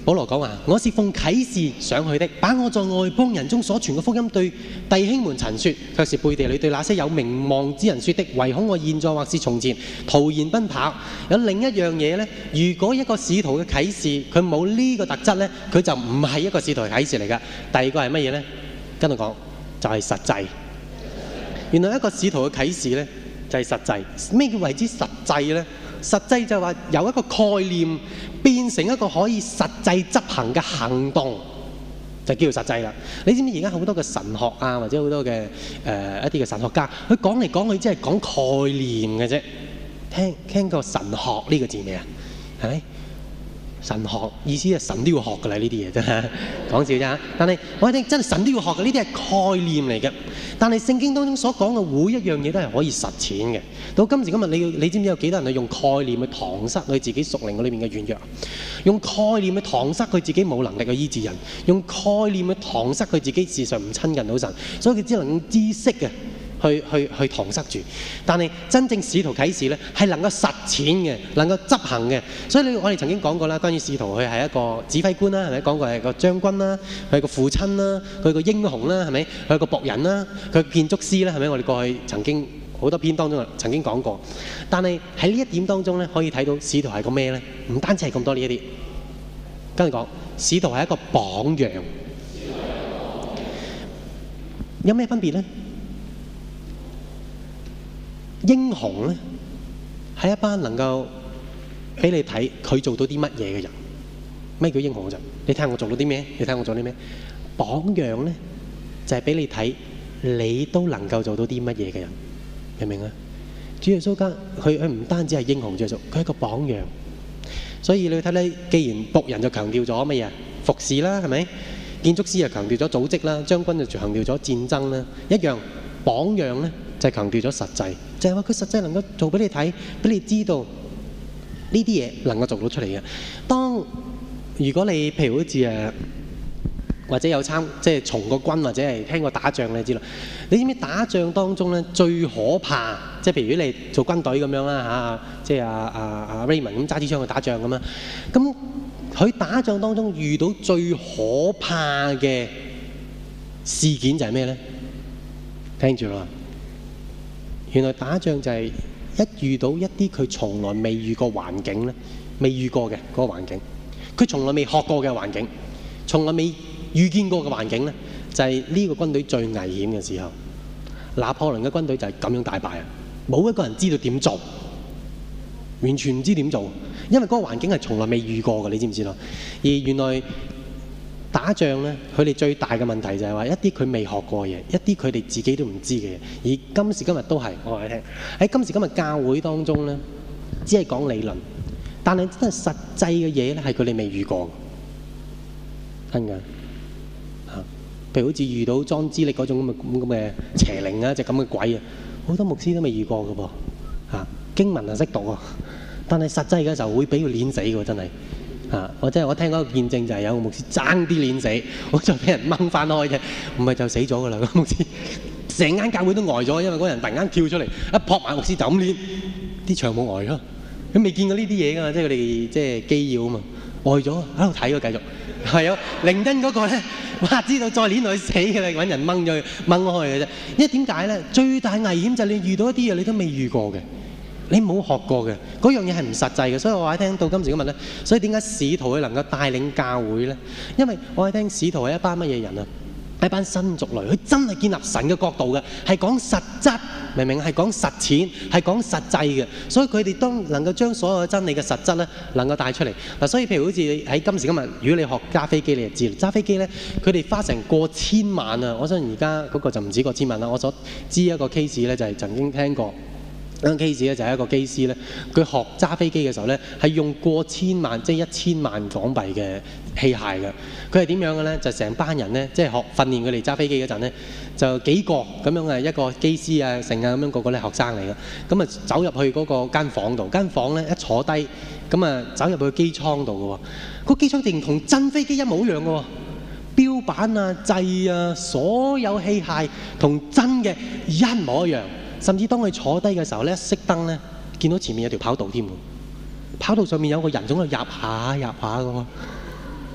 [SPEAKER 1] 保羅講話，我是奉啟示上去的，把我在外邦人中所傳嘅福音對弟兄們陳說，卻是背地裏對那些有名望之人說的，唯恐我現在或是從前徒然奔跑。有另一樣嘢，呢？如果一個使徒嘅啟示佢冇呢個特質呢，佢就唔係一個使徒嘅啟示嚟噶。第二個係乜嘢呢？跟住講就係實際。原來一個使徒嘅啟示呢，就係實際。咩叫為之實際呢？實際就話有一個概念，變成一個可以實際執行嘅行動，就叫做實際啦。你知唔知而家好多嘅神學啊，或者好多嘅誒、呃、一啲嘅神學家，佢講嚟講去，即係講概念嘅啫。聽聽過神學呢個字未啊？係咪神學意思係神都要學㗎啦？呢啲嘢真係講笑啫。但係我哋真係神都要學嘅，呢啲係概念嚟嘅。但係聖經當中所講嘅每一樣嘢都係可以實踐嘅。到今時今日，你要你知唔知有幾多人係用概念去搪塞佢自己屬靈裏面嘅軟弱，用概念去搪塞佢自己冇能力去醫治人，用概念去搪塞佢自己事實唔親近到神，所以佢只能知識嘅。去去去搪塞住，但係真正使徒啓示咧係能夠實踐嘅，能夠執行嘅。所以你我哋曾經講過啦，關於使徒佢係一個指揮官啦，係咪？講過係個將軍啦，佢係個父親啦，佢係個英雄啦，係咪？佢個博人啦，佢建築師啦，係咪？我哋過去曾經好多篇當中曾經講過。但係喺呢一點當中咧，可以睇到使徒係個咩咧？唔單止係咁多呢一啲，跟住講使徒係一個榜樣，榜樣有咩分別咧？英雄咧，係一班能夠俾你睇佢做到啲乜嘢嘅人。咩叫英雄嘅就？你睇我做到啲咩？你睇我做到啲咩？榜樣咧，就係俾你睇你都能夠做到啲乜嘢嘅人。明唔明啊？主耶穌基督，佢佢唔單止係英雄，主耶穌，佢係一個榜樣。所以你睇咧，既然僕人就強調咗乜嘢？服事啦，係咪？建築師就強調咗組織啦，將軍就強調咗戰爭啦，一樣榜樣咧。就係強調咗實際，就係話佢實際能夠做俾你睇，俾你知道呢啲嘢能夠做到出嚟嘅。當如果你譬如好似誒，或者有參即係從過軍或者係聽過打仗，你知啦。你知唔知打仗當中咧最可怕？即係譬如你做軍隊咁樣啦嚇，即係啊啊啊 Raymond 咁揸支槍去打仗咁樣。咁佢打仗當中遇到最可怕嘅事件就係咩咧？聽住啦。原來打仗就係一遇到一啲佢從來未遇過的環境咧，未遇過嘅嗰個環境，佢從來未學過嘅環境，從來未遇見過嘅環境咧，就係呢個軍隊最危險嘅時候。拿破崙嘅軍隊就係咁樣大敗啊！冇一個人知道點做，完全唔知點做，因為嗰個環境係從來未遇過嘅，你知唔知咯？而原來。打仗咧，佢哋最大嘅問題就係話一啲佢未學過嘢，一啲佢哋自己都唔知嘅嘢，而今時今日都係，我話你聽喺今時今日教會當中咧，只係講理論，但係真係實際嘅嘢咧係佢哋未遇過嘅，真噶嚇，譬如好似遇到莊之力嗰種咁咁咁嘅邪靈啊，隻咁嘅鬼啊，好多牧師都未遇過嘅噃嚇，經文啊識讀喎，但係實際嘅時候會俾佢碾死喎，真係。啊！我真係我聽嗰個見證就係有個牧師爭啲攆死，我就俾人掹翻開啫，唔係就死咗噶啦個牧師。成間教會都呆咗，因為嗰人突然間跳出嚟一撲埋牧師就咁攆，啲牆冇呆咗。佢未見過呢啲嘢噶嘛，即係佢哋即係機要啊嘛，呆咗喺度睇佢繼續。係啊，靈恩嗰個咧，哇！知道再攆落去死嘅啦，揾人掹咗佢掹開嘅啫。因為點解咧？最大危險就係你遇到一啲嘢你都未遇過嘅。你冇學過嘅嗰樣嘢係唔實際嘅，所以我話聽到今時今日呢，所以點解使徒佢能夠帶領教會呢？因為我係聽使徒係一班乜嘢人啊？一班新族類，佢真係建立神嘅國度嘅，係講實質，明明係講實踐，係講實際嘅。所以佢哋當能夠將所有真理嘅實質呢能夠帶出嚟嗱。所以譬如好似你喺今時今日，如果你學揸飛機，你就知揸飛機呢，佢哋花成過千萬啊！我相信而家嗰個就唔止過千萬啦。我所知一個 case 呢，就係曾經聽過。嗰個機師咧就係一個機師咧，佢學揸飛機嘅時候咧，係用過千萬，即係一千萬港幣嘅器械嘅。佢係點樣嘅咧？就成班人咧，即係學訓練佢嚟揸飛機嗰陣咧，就幾個咁樣嘅一個機師啊，成啊咁樣個個咧學生嚟嘅。咁啊走入去嗰個間房度，間房咧一坐低，咁啊走入去機艙度嘅個機艙竟然同真飛機一模一樣嘅喎，標板啊、掣啊，所有器械同真嘅一模一樣。甚至當佢坐低嘅時候咧，熄燈咧，見到前面有條跑道添喎，跑道上面有一個人在一下，總之入下入下喎，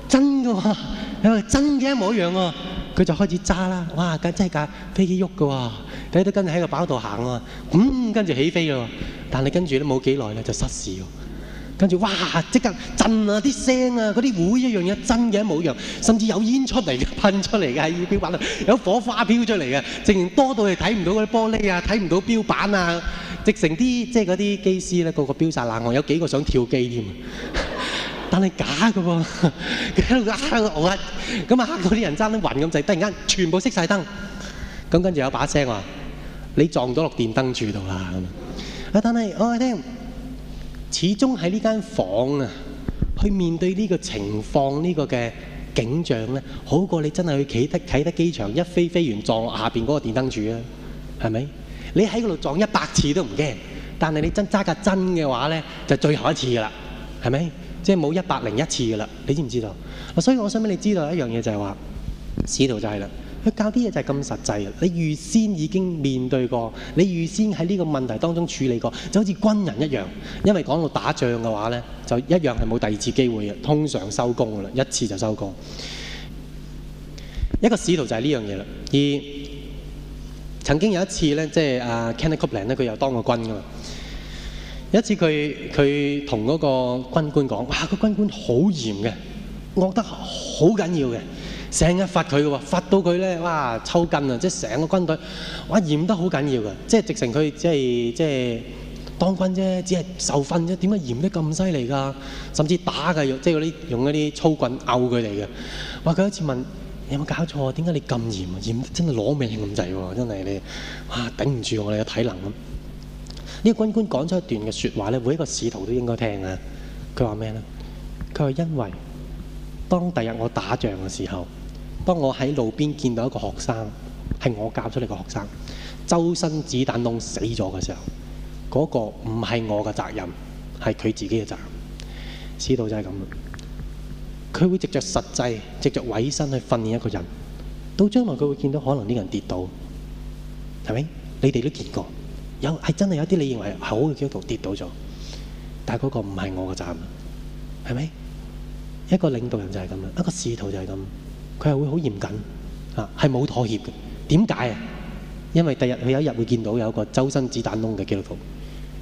[SPEAKER 1] 真嘅喎、啊，真嘅一模一樣喎、啊，佢就開始揸啦，哇，真係架飛機喐嘅喎，都跟住喺個跑道行喎，嗯，跟住起飛咯，但係跟住咧冇幾耐就失事喎。跟住哇！即刻震啊！啲聲啊！嗰啲會一樣嘢真嘅一模一樣，甚至有煙出嚟嘅，噴出嚟嘅，喺標板度有火花飄出嚟嘅，直情多到係睇唔到嗰啲玻璃啊，睇唔到標板啊，直情啲即係嗰啲機師咧，個個飆晒冷汗，有幾個想跳機添啊！但係假嘅喎，佢喺度啊！我啊咁啊，嗰啲人爭得暈咁滯，突然間全部熄晒燈，咁跟住有把聲話：你撞咗落電燈柱度啦！但係我係聽。始終喺呢間房啊，去面對呢個情況呢、呢個嘅景象咧，好過你真係去啟德啟德機場一飛飛完撞下邊嗰個電燈柱啊，係咪？你喺嗰度撞一百次都唔驚，但係你真揸架真嘅話咧，就最後一次噶啦，係咪？即係冇一百零一次噶啦，你知唔知道？所以我想俾你知道一樣嘢就係、是、話，使徒就係啦。佢教啲嘢就係咁實際啊！你預先已經面對過，你預先喺呢個問題當中處理過，就好似軍人一樣。因為講到打仗嘅話咧，就一樣係冇第二次機會嘅，通常收工噶啦，一次就收工。一個使徒就係呢樣嘢啦。而曾經有一次咧，即係啊 Kenneth Copeland 咧，佢又當過軍噶嘛。有一次佢佢同嗰個軍官講，哇，個軍官好嚴嘅，惡得好緊要嘅。成日罰佢嘅喎，罰到佢咧，哇抽筋啊！即係成個軍隊，哇嚴得好緊要嘅，即係直情佢即係即係當軍啫，只係受訓啫。點解嚴得咁犀利㗎？甚至打佢，用即係嗰啲用嗰啲粗棍毆佢哋嘅。哇！佢有一次問：有冇搞錯？點解你咁嚴？嚴得真係攞命咁滯喎！真係你哇頂唔住我哋嘅體能咁。呢個軍官講咗一段嘅説話咧，每一個使徒都應該聽嘅。佢話咩咧？佢話因為當第日我打仗嘅時候。當我喺路邊見到一個學生係我教出嚟個學生，周身子彈窿死咗嘅時候，嗰、那個唔係我嘅責任，係佢自己嘅責任。使徒就係咁啦。佢會藉著實際、藉著委身去訓練一個人，到將來佢會見到可能呢個人跌倒，係咪？你哋都見過，有係真係有啲你認為好嘅基督徒跌倒咗，但係嗰個唔係我嘅責任，係咪？一個領導人就係咁啦，一個使徒就係咁。佢係會好嚴謹，啊，係冇妥協嘅。點解啊？因為第日佢有一日會見到有一個周身子彈窿嘅基督徒，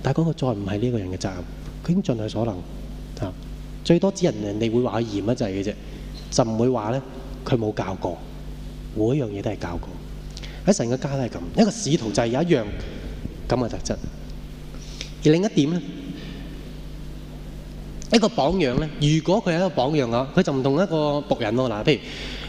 [SPEAKER 1] 但係嗰個再唔係呢個人嘅責任，佢已經盡佢所能，啊，最多只人人哋會話佢嚴乜就係嘅啫，就唔會話咧佢冇教過，每一樣嘢都係教過。喺神嘅家都係咁，一個使徒就係有一樣咁嘅特質，而另一點咧，一個榜樣咧，如果佢係一個榜樣啊，佢就唔同一個僕人咯。嗱，譬如。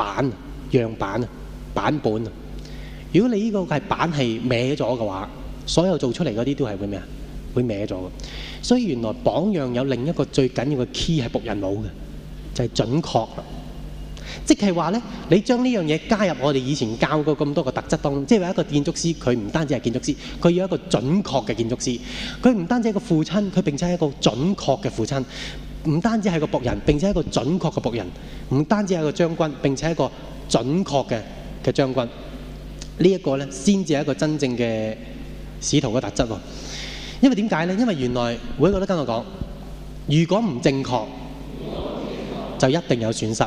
[SPEAKER 1] 板樣板版本，啊，如果你呢個係係板係歪咗嘅話，所有做出嚟嗰啲都係會咩啊？會歪咗。所以原來榜樣有另一個最緊要嘅 key 係僕人冇嘅，就係、是、準確。即係話呢，你將呢樣嘢加入我哋以前教過咁多個特質當中，即係話一個建築師，佢唔單止係建築師，佢要一個準確嘅建築師，佢唔單止係一個父親，佢並且係一個準確嘅父親。唔單止係個僕人，並且係一個準確嘅僕人；唔單止係個將軍，並且係一個準確嘅嘅將軍。呢、這、一個咧，先至係一個真正嘅使徒嘅特質喎。因為點解咧？因為原來每一個都跟我講，如果唔正確，就一定有損失。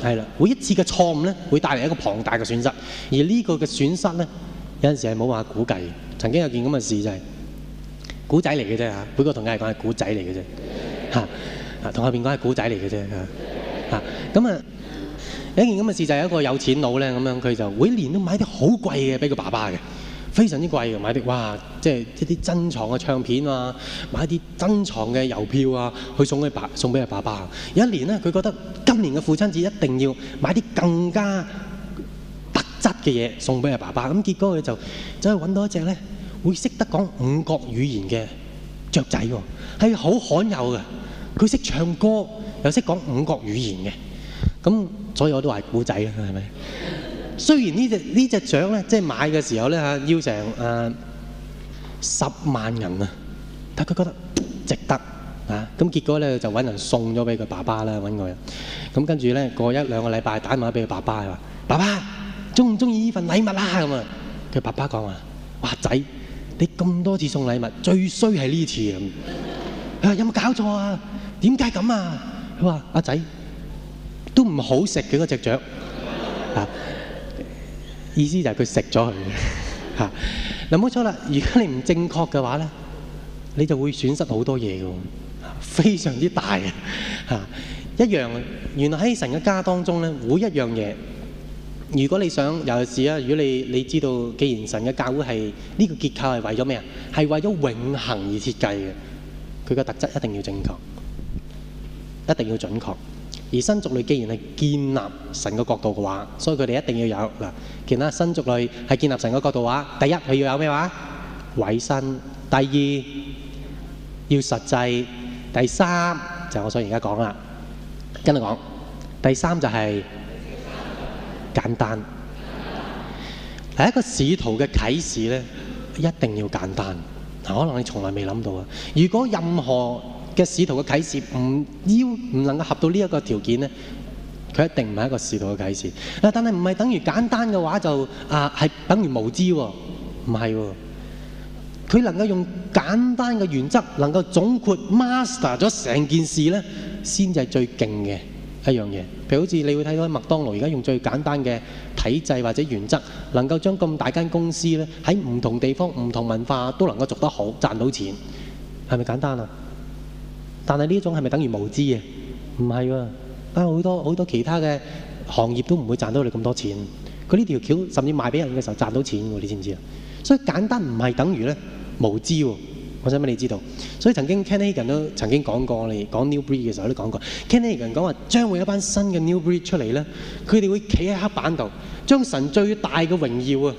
[SPEAKER 1] 係啦，每一次嘅錯誤咧，會帶嚟一個龐大嘅損失。而這個損失，呢個嘅損失咧，有陣時係冇話估計。曾經有件咁嘅事就係古仔嚟嘅啫嚇，每個同家講係古仔嚟嘅啫。嚇、啊！啊，同下邊講係古仔嚟嘅啫嚇！嚇，咁啊，有一件咁嘅事就係、是、一個有錢佬咧，咁樣佢就每年都買啲好貴嘅俾佢爸爸嘅，非常之貴嘅買啲哇，即、就、係、是、一啲珍藏嘅唱片啊，買啲珍藏嘅郵票啊，去送俾爸，送俾佢爸爸。有一年呢，佢覺得今年嘅父親節一定要買啲更加獨特嘅嘢送俾佢爸爸，咁結果佢就走去揾到一隻咧，會識得講五國語言嘅雀仔喎、啊，係好罕有嘅。佢識唱歌，又識講五國語言嘅，咁所以我都話係古仔啦，係咪？ [laughs] 雖然呢隻呢隻獎咧，即係買嘅時候咧嚇要成誒十萬銀啊，但佢覺得值得啊，咁結果咧就揾人送咗俾佢爸爸啦，揾個人。咁跟住咧過一兩個禮拜，打電話俾佢爸爸係話：爸爸，中唔中意呢份禮物啊？咁啊，佢爸爸講話：哇，仔，你咁多次送禮物，最衰係呢次啊！有冇搞錯啊？點解咁啊？佢話阿仔都唔好食嘅嗰隻雀啊！意思就係佢食咗佢嚇嗱，冇錯啦。如果你唔正確嘅話咧，你就會損失好多嘢嘅，非常之大啊！一樣原來喺神嘅家當中咧，每一樣嘢，如果你想尤其是啊，如果你你知道，既然神嘅教會係呢個結構係為咗咩啊？係為咗永恆而設計嘅，佢嘅特質一定要正確。一定要準確。而新族類既然係建立神嘅角度嘅話，所以佢哋一定要有嗱。其他新族類係建立神嘅角度嘅話，第一佢要有咩話？委身。第二要實際。第三就係我想而家講啦，跟你講。第三就係簡單。係一個使徒嘅啟示咧，一定要簡單。嗱，可能你從來未諗到啊。如果任何嘅使徒嘅啟示，唔要唔能夠合到呢一,一個條件咧，佢一定唔係一個使徒嘅啟示啊。但係唔係等於簡單嘅話就啊係等於無知喎，哦，唔係喎。佢能夠用簡單嘅原則能夠總括 master 咗成件事咧，先至係最勁嘅一樣嘢。譬如好似你會睇到喺麥當勞而家用最簡單嘅體制或者原則能夠將咁大間公司咧，喺唔同地方，唔同文化都能夠做得好，賺到錢，係咪簡單啊？但係呢種係咪等於無知嘅？唔係喎，但好多好多其他嘅行業都唔會賺到你咁多錢。佢呢條橋甚至賣俾人嘅時候賺到錢喎，你知唔知啊？所以簡單唔係等於咧無知喎。我想俾你知道，所以曾經 Kenneth Hagin 都曾經講過，我哋講 New Breed 嘅時候都講過，Kenneth Hagin 講話將會有一班新嘅 New Breed 出嚟咧，佢哋會企喺黑板度，將神最大嘅榮耀啊、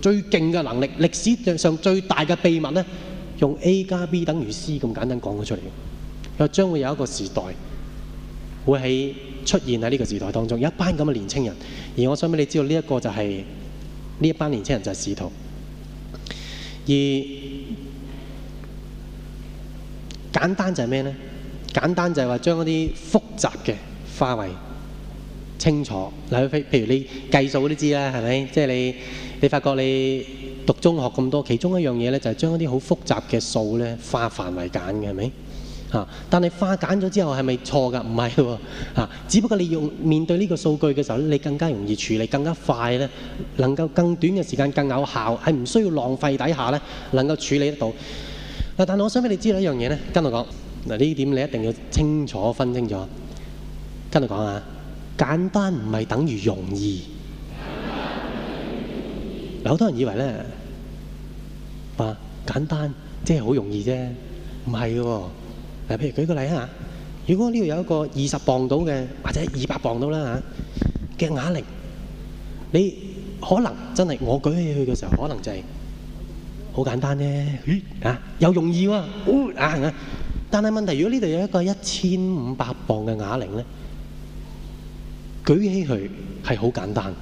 [SPEAKER 1] 最勁嘅能力、歷史上最大嘅秘密咧，用 A 加 B 等於 C 咁簡單講咗出嚟。就將會有一個時代，會喺出現喺呢個時代當中，有一班咁嘅年青人。而我想俾你知道，呢一個就係呢一班年青人就係使徒。而簡單就係咩咧？簡單就係話將一啲複雜嘅化為清楚。嗱，譬如譬如你計數都知啦，係咪？即係你你發覺你讀中學咁多，其中一樣嘢咧，就係將一啲好複雜嘅數咧化繁為簡嘅，係咪？但係化簡咗之後係咪錯㗎？唔係喎！只不過你用面對呢個數據嘅時候，你更加容易處理，更加快咧，能夠更短嘅時間、更有效，係唔需要浪費底下咧，能夠處理得到。但係我想俾你知道一樣嘢咧，跟住講。嗱，呢點你一定要清楚分清楚。跟住講啊！簡單唔係等於容易。有好多人以為咧，話簡單即係好容易啫，唔係喎。嗱，譬如舉個例啊，如果呢度有一個二十磅到嘅，或者二百磅到啦嚇嘅啞鈴，你可能真係我舉起佢嘅時候，可能就係好簡單啫，嚇又容易喎，啊，但係問題如果呢度有一個一千五百磅嘅啞鈴咧，舉起佢係好簡單，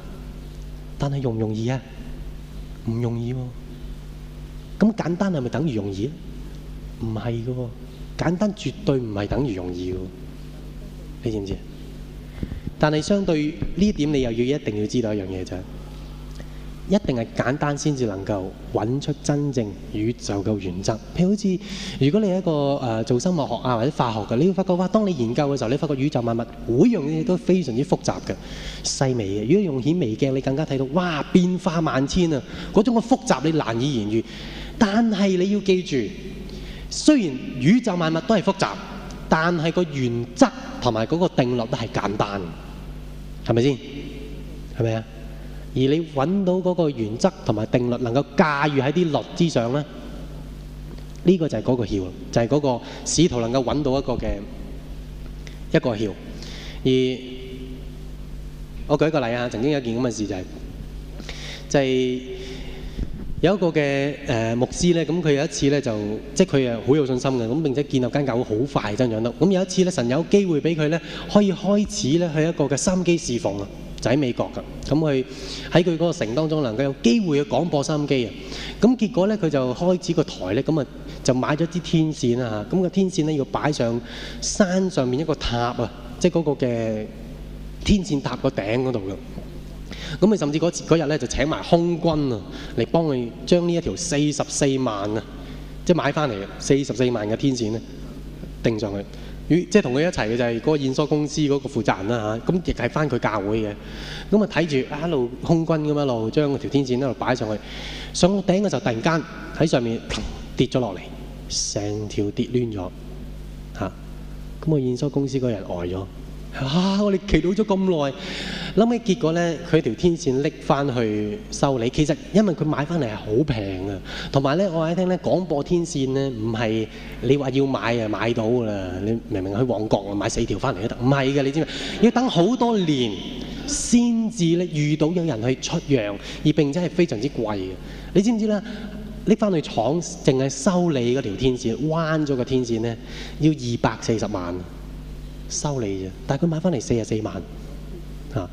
[SPEAKER 1] 但係容唔容易啊？唔容易喎，咁簡單係咪等於容易咧？唔係嘅喎。簡單絕對唔係等於容易嘅，你知唔知？但係相對呢點，你又要一定要知道一樣嘢啫，一定係簡單先至能夠揾出真正宇宙嘅原則。譬如好似如果你係一個做、呃、生物學啊或者化學嘅，你會發覺話，當你研究嘅時候，你發覺宇宙萬物每樣嘢都非常之複雜嘅細微嘅。如果用顯微鏡，你更加睇到哇，變化萬千啊，嗰種嘅複雜你難以言喻。但係你要記住。雖然宇宙萬物都係複雜，但係個原則同埋嗰個定律都係簡單，係咪先？係咪啊？而你揾到嗰個原則同埋定律，能夠駕馭喺啲律之上咧，呢、這個就係嗰個竅，就係、是、嗰個使徒能夠揾到一個嘅一個竅。而我舉一個例啊，曾經有一件咁嘅事就係、是，就係、是。有一個嘅、呃、牧師呢他咁佢有一次咧就即係佢好有信心嘅，咁並且建立間教會好快，真長得。咁有一次呢神有機會給佢可以開始去一個嘅心機侍奉啊，就喺美國㗎。咁佢喺佢個城當中能夠有機會去廣播三機啊。咁結果呢他佢就開始個台咧，咁就買咗支天線啊。咁、嗰個天線呢要擺上山上面一個塔啊，即係嗰個嘅天線塔個頂嗰度。咁佢甚至嗰日咧就請埋空軍啊，嚟幫佢將呢一條四十四萬啊，即係買翻嚟四十四萬嘅天線咧，掟上去，咦，即係同佢一齊嘅就係嗰個燕梳公司嗰個負責人啦嚇，咁亦係翻佢教會嘅。咁啊睇住一路空軍咁一路將條天線一路擺上去，上到頂嘅時候突然間喺上面跌咗落嚟，成條跌攣咗嚇。咁、啊、個燕梳公司嗰人呆咗。嚇！我哋期待咗咁耐，諗起結果咧，佢條天線拎翻去修理，其實因為佢買翻嚟係好平啊，同埋咧，我話你聽咧廣播天線咧，唔係你話要買啊買到噶啦，你明明去旺角買四條翻嚟都得，唔係嘅，你知唔知？要等好多年先至咧遇到有人去出讓，而並且係非常之貴嘅。你知唔知咧？拎翻去廠淨係修理嗰條天線，彎咗個天線咧，要二百四十萬。收利啫，但係佢買翻嚟四啊四萬，嚇、啊、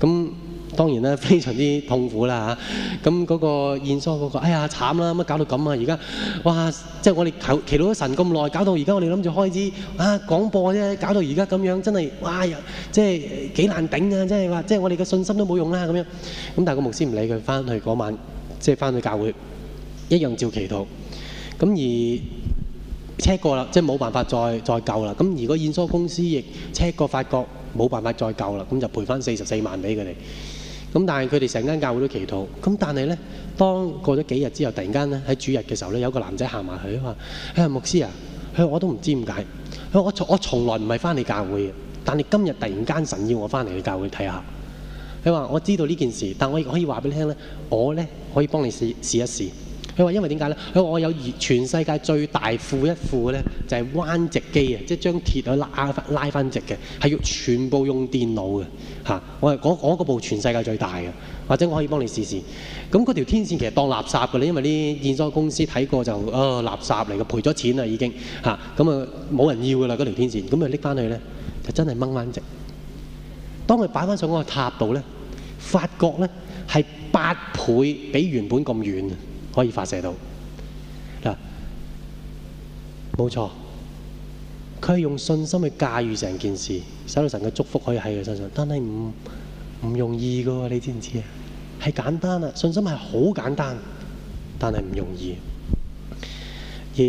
[SPEAKER 1] 咁當然啦，非常之痛苦啦嚇，咁、啊、嗰個現疏嗰、那個哎呀慘啦，乜搞到咁啊而家哇！即係我哋求祈禱神咁耐，搞到而家我哋諗住開支啊廣播啫，搞到而家咁樣真係哇！即係幾難頂啊！即係話即係我哋嘅信心都冇用啦、啊、咁樣。咁但係個牧師唔理佢，翻去嗰晚即係翻去教會一樣照祈禱。咁而查過啦，即係冇辦法再再救啦。咁如果燕梳公司亦查過發覺，冇辦法再救啦，咁就賠翻四十四萬俾佢哋。咁但係佢哋成間教會都祈禱。咁但係呢，當過咗幾日之後，突然間呢，喺主日嘅時候呢，有個男仔行埋去啊嘛。佢話牧師啊，佢話我都唔知點解。佢話我從我從來唔係翻你教會嘅，但係今日突然間神要我翻嚟你教會睇下。佢話我知道呢件事，但我可以話俾你聽呢：「我呢，可以幫你試試一試。佢話，因為點解咧？佢話我有全世界最大庫一庫嘅咧，就係彎直機啊！即係將鐵去拉翻拉翻直嘅，係要全部用電腦嘅嚇、啊。我係嗰嗰部全世界最大嘅，或者我可以幫你試試。咁嗰條天線其實當垃圾嘅，咧，因為啲電商公司睇過就啊、哦、垃圾嚟嘅，賠咗錢啦已經嚇。咁啊冇人要㗎啦，嗰條天線咁啊拎翻去咧，就真係掹彎直。當佢擺翻上嗰個塔度咧，發覺咧係八倍比原本咁遠。可以發射到嗱，冇錯，佢係用信心去駕馭成件事，使到神嘅祝福可以喺佢身上，但係唔唔容易嘅喎，你知唔知啊？係簡單啊，信心係好簡單，但係唔容易。而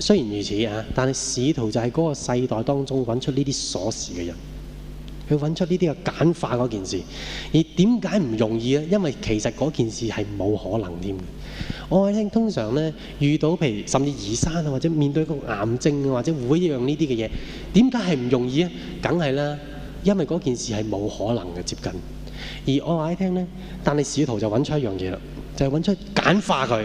[SPEAKER 1] 雖然如此啊，但係使徒就係嗰個世代當中揾出呢啲鎖匙嘅人。去揾出呢啲嘅簡化嗰件事，而點解唔容易咧？因為其實嗰件事係冇可能添。我話你聽，通常咧遇到譬如甚至移山啊，或者面對一個癌症啊，或者會一樣呢啲嘅嘢，點解係唔容易啊？梗係啦，因為嗰件事係冇可能嘅接近。而我話你聽咧，但係使徒就揾出一樣嘢啦，就係揾出簡化佢，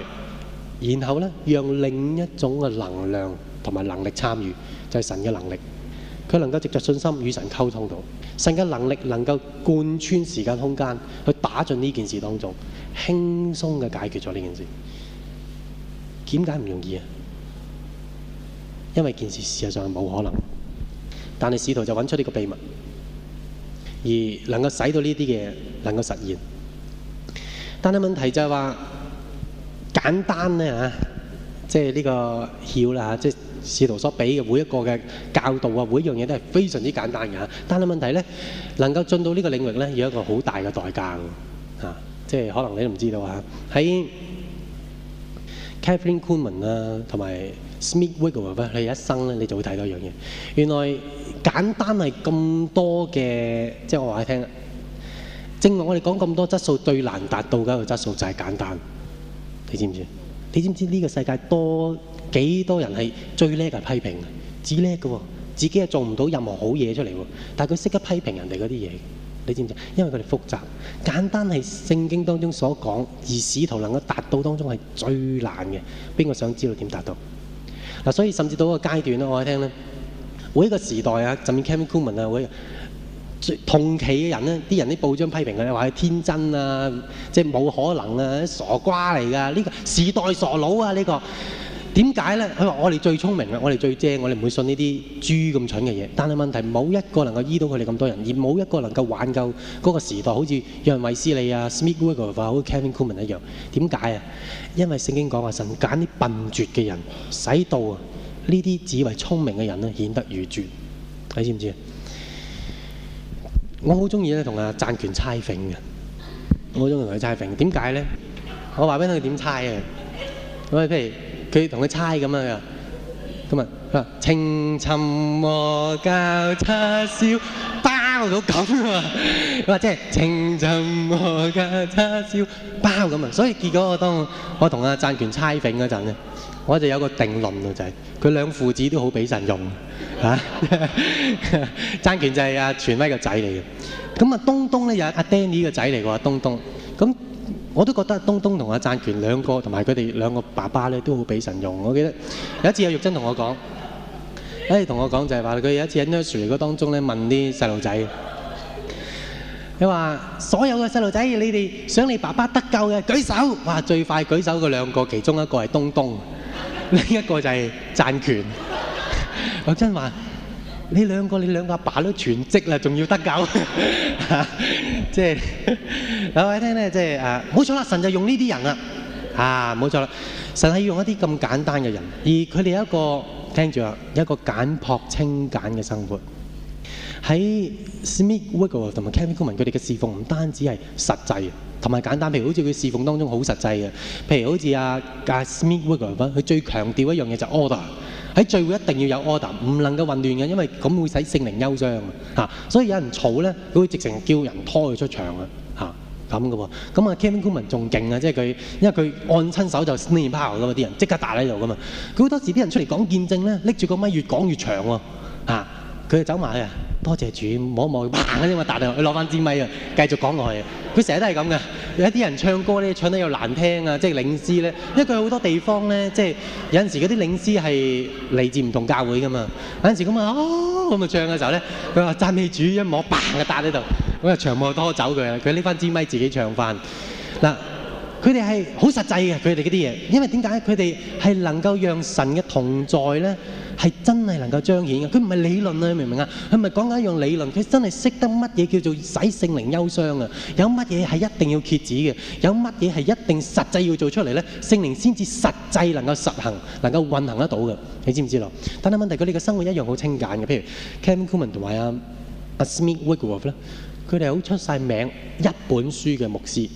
[SPEAKER 1] 然後咧讓另一種嘅能量同埋能力參與，就係神嘅能力。佢能夠藉著信心與神溝通到。神嘅能力能夠貫穿時間空間，去打進呢件事當中，輕鬆嘅解決咗呢件事。點解唔容易啊？因為呢件事事實上係冇可能，但係試圖就揾出呢個秘密，而能夠使到呢啲嘢能夠實現。但係問題就係話簡單咧嚇，即係呢個曉喇。使徒所俾嘅每一個嘅教導啊，每一樣嘢都係非常之簡單嘅。但係問題咧，能夠進到呢個領域咧，要一個好大嘅代價㗎。嚇，即係可能你都唔知道嚇。喺 Katherine Kuhlman 啦，同埋 Smith Wiggle 嘅佢一生咧，你就會睇到一樣嘢。原來簡單係咁多嘅，即係我話你聽啦。正話我哋講咁多質素，最難達到嘅一個質素就係簡單。你知唔知？你知唔知呢個世界多？幾多人係最叻嘅批評嘅？至叻嘅喎，自己又做唔到任何好嘢出嚟喎。但係佢識得批評人哋嗰啲嘢，你知唔知？因為佢哋複雜，簡單係聖經當中所講，而使徒能夠達到當中係最難嘅。邊個想知道點達到？嗱、啊，所以甚至到一個階段咧，我哋聽咧，每一個時代啊，甚至 Cainkman 啊，會同期嘅人呢，啲人啲報章批評佢咧，話佢天真啊，即係冇可能啊，傻瓜嚟㗎，呢、這個時代傻佬啊，呢、這個。點解咧？佢話我哋最聰明嘅，我哋最精，我哋唔會信呢啲豬咁蠢嘅嘢。但係問題冇一個能夠醫到佢哋咁多人，而冇一個能夠挽救嗰個時代。好似約翰·衛斯理啊、Smith Wigglesworth、Kathryn Kuhlman 一樣。點解啊？因為聖經講話神揀啲笨拙嘅人使到啊，呢啲只為聰明嘅人咧顯得愚拙。你知唔知啊？我好中意咧同阿贊權猜謎嘅，我好中意同佢猜謎。點解咧？我話俾你聽點猜啊？我譬如。佢同佢猜咁樣佢話：，今啊，情尋和家叉燒包到咁啊！佢話：即係情尋和家叉燒包咁啊！所以結果我當我同阿贊權猜拼嗰陣咧，我就有一個定論咯，就佢、是、兩父子都好俾神用嚇。贊、啊、權 [laughs] [laughs] 就係阿、啊、全威個仔嚟嘅，咁啊東東咧又係阿、啊、Danny 個仔嚟嘅喎，東東。我都覺得東東同阿贊權兩個同埋佢哋兩個爸爸咧都好俾神用。我記得有一次阿玉珍同我講，誒同我講就係話佢有一次喺呢個 nursery 當中咧問啲細路仔，你話所有嘅細路仔，你哋想你爸爸得救嘅舉手，話最快舉手嘅兩個，其中一個係東東，另一個就係贊權。玉珍話。你兩個，你兩個爸爸都全職啦仲要得教、 [laughs] 啊，即係兩位聽咧，即係冇、啊、錯啦，神就用呢啲人啊，啊冇錯啦，神係用一啲咁簡單嘅人，而佢哋一個聽住、啊、一個簡朴清簡嘅生活，喺 Smithwick 同埋 Campion 佢哋嘅侍奉唔單止係實際。同埋簡單，譬如好似佢侍奉當中好實際嘅，譬如好似阿 Smith Wigglesworth 佢最強調的一樣嘢就係 order 喺聚會一定要有 order，唔能夠混亂嘅，因為咁會使聖靈憂傷啊。所以有人吵咧，佢會直情叫人拖佢出場啊。嚇咁嘅喎，咁啊 Kathryn Kuhlman 仲勁啊，啊即係佢因為佢按親手就 snip out 嘅嘛，啲人即刻打喺度嘅嘛。佢好多時啲人出嚟講見證咧，拎住個咪越講越長喎，啊。嚇、啊，佢就走埋去啊。多謝主摸，摸一摸佢，嘭一聲啊！打喺度。佢攞翻支咪啊，繼續講落去。佢成日都係咁嘅。有啲人唱歌咧，唱得又難聽啊，即係領詩咧。因為佢好多地方咧，即係有陣時嗰啲領詩係嚟自唔同教會噶嘛。有陣時咁啊，咁啊唱嘅時候咧，佢、哦、話讚美主一摸嘭啊，打喺度。咁啊，長毛拖走佢啦。佢拎翻支咪自己唱翻嗱。啊。佢哋係好實際嘅，佢哋嗰啲嘢，因為點解？佢哋係能夠讓神嘅同在咧，係真係能夠彰顯嘅。佢唔係理論啊，你明唔明啊？佢唔係講緊一樣理論，佢真係識得乜嘢叫做使聖靈憂傷啊！有乜嘢係一定要截止嘅？有乜嘢係一定實際要做出嚟咧？聖靈先至實際能夠實行，能夠運行得到嘅，你知唔知咯？但係問題佢哋嘅生活一樣好清簡嘅。譬如 Kathryn Kuhlman 同埋阿阿 Smith Wigglesworth 咧，佢哋好出曬名一本書嘅牧師。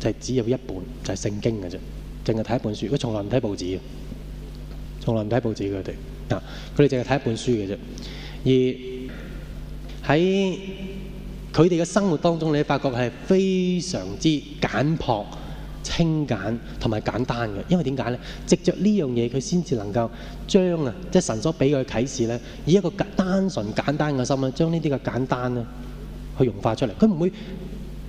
[SPEAKER 1] 就係只有一本，就係聖經嘅啫，淨係睇一本書。佢從來唔睇報紙嘅，從來唔睇報紙。佢哋啊，佢哋淨係睇一本書嘅啫。而喺佢哋嘅生活當中，你發覺係非常之簡樸、清簡同埋簡單嘅。因為點解咧？藉着呢樣嘢，佢先至能夠將啊，即係神所俾佢嘅啟示咧，以一個單純簡單嘅心咧，將呢啲嘅簡單咧，去融化出嚟。佢唔會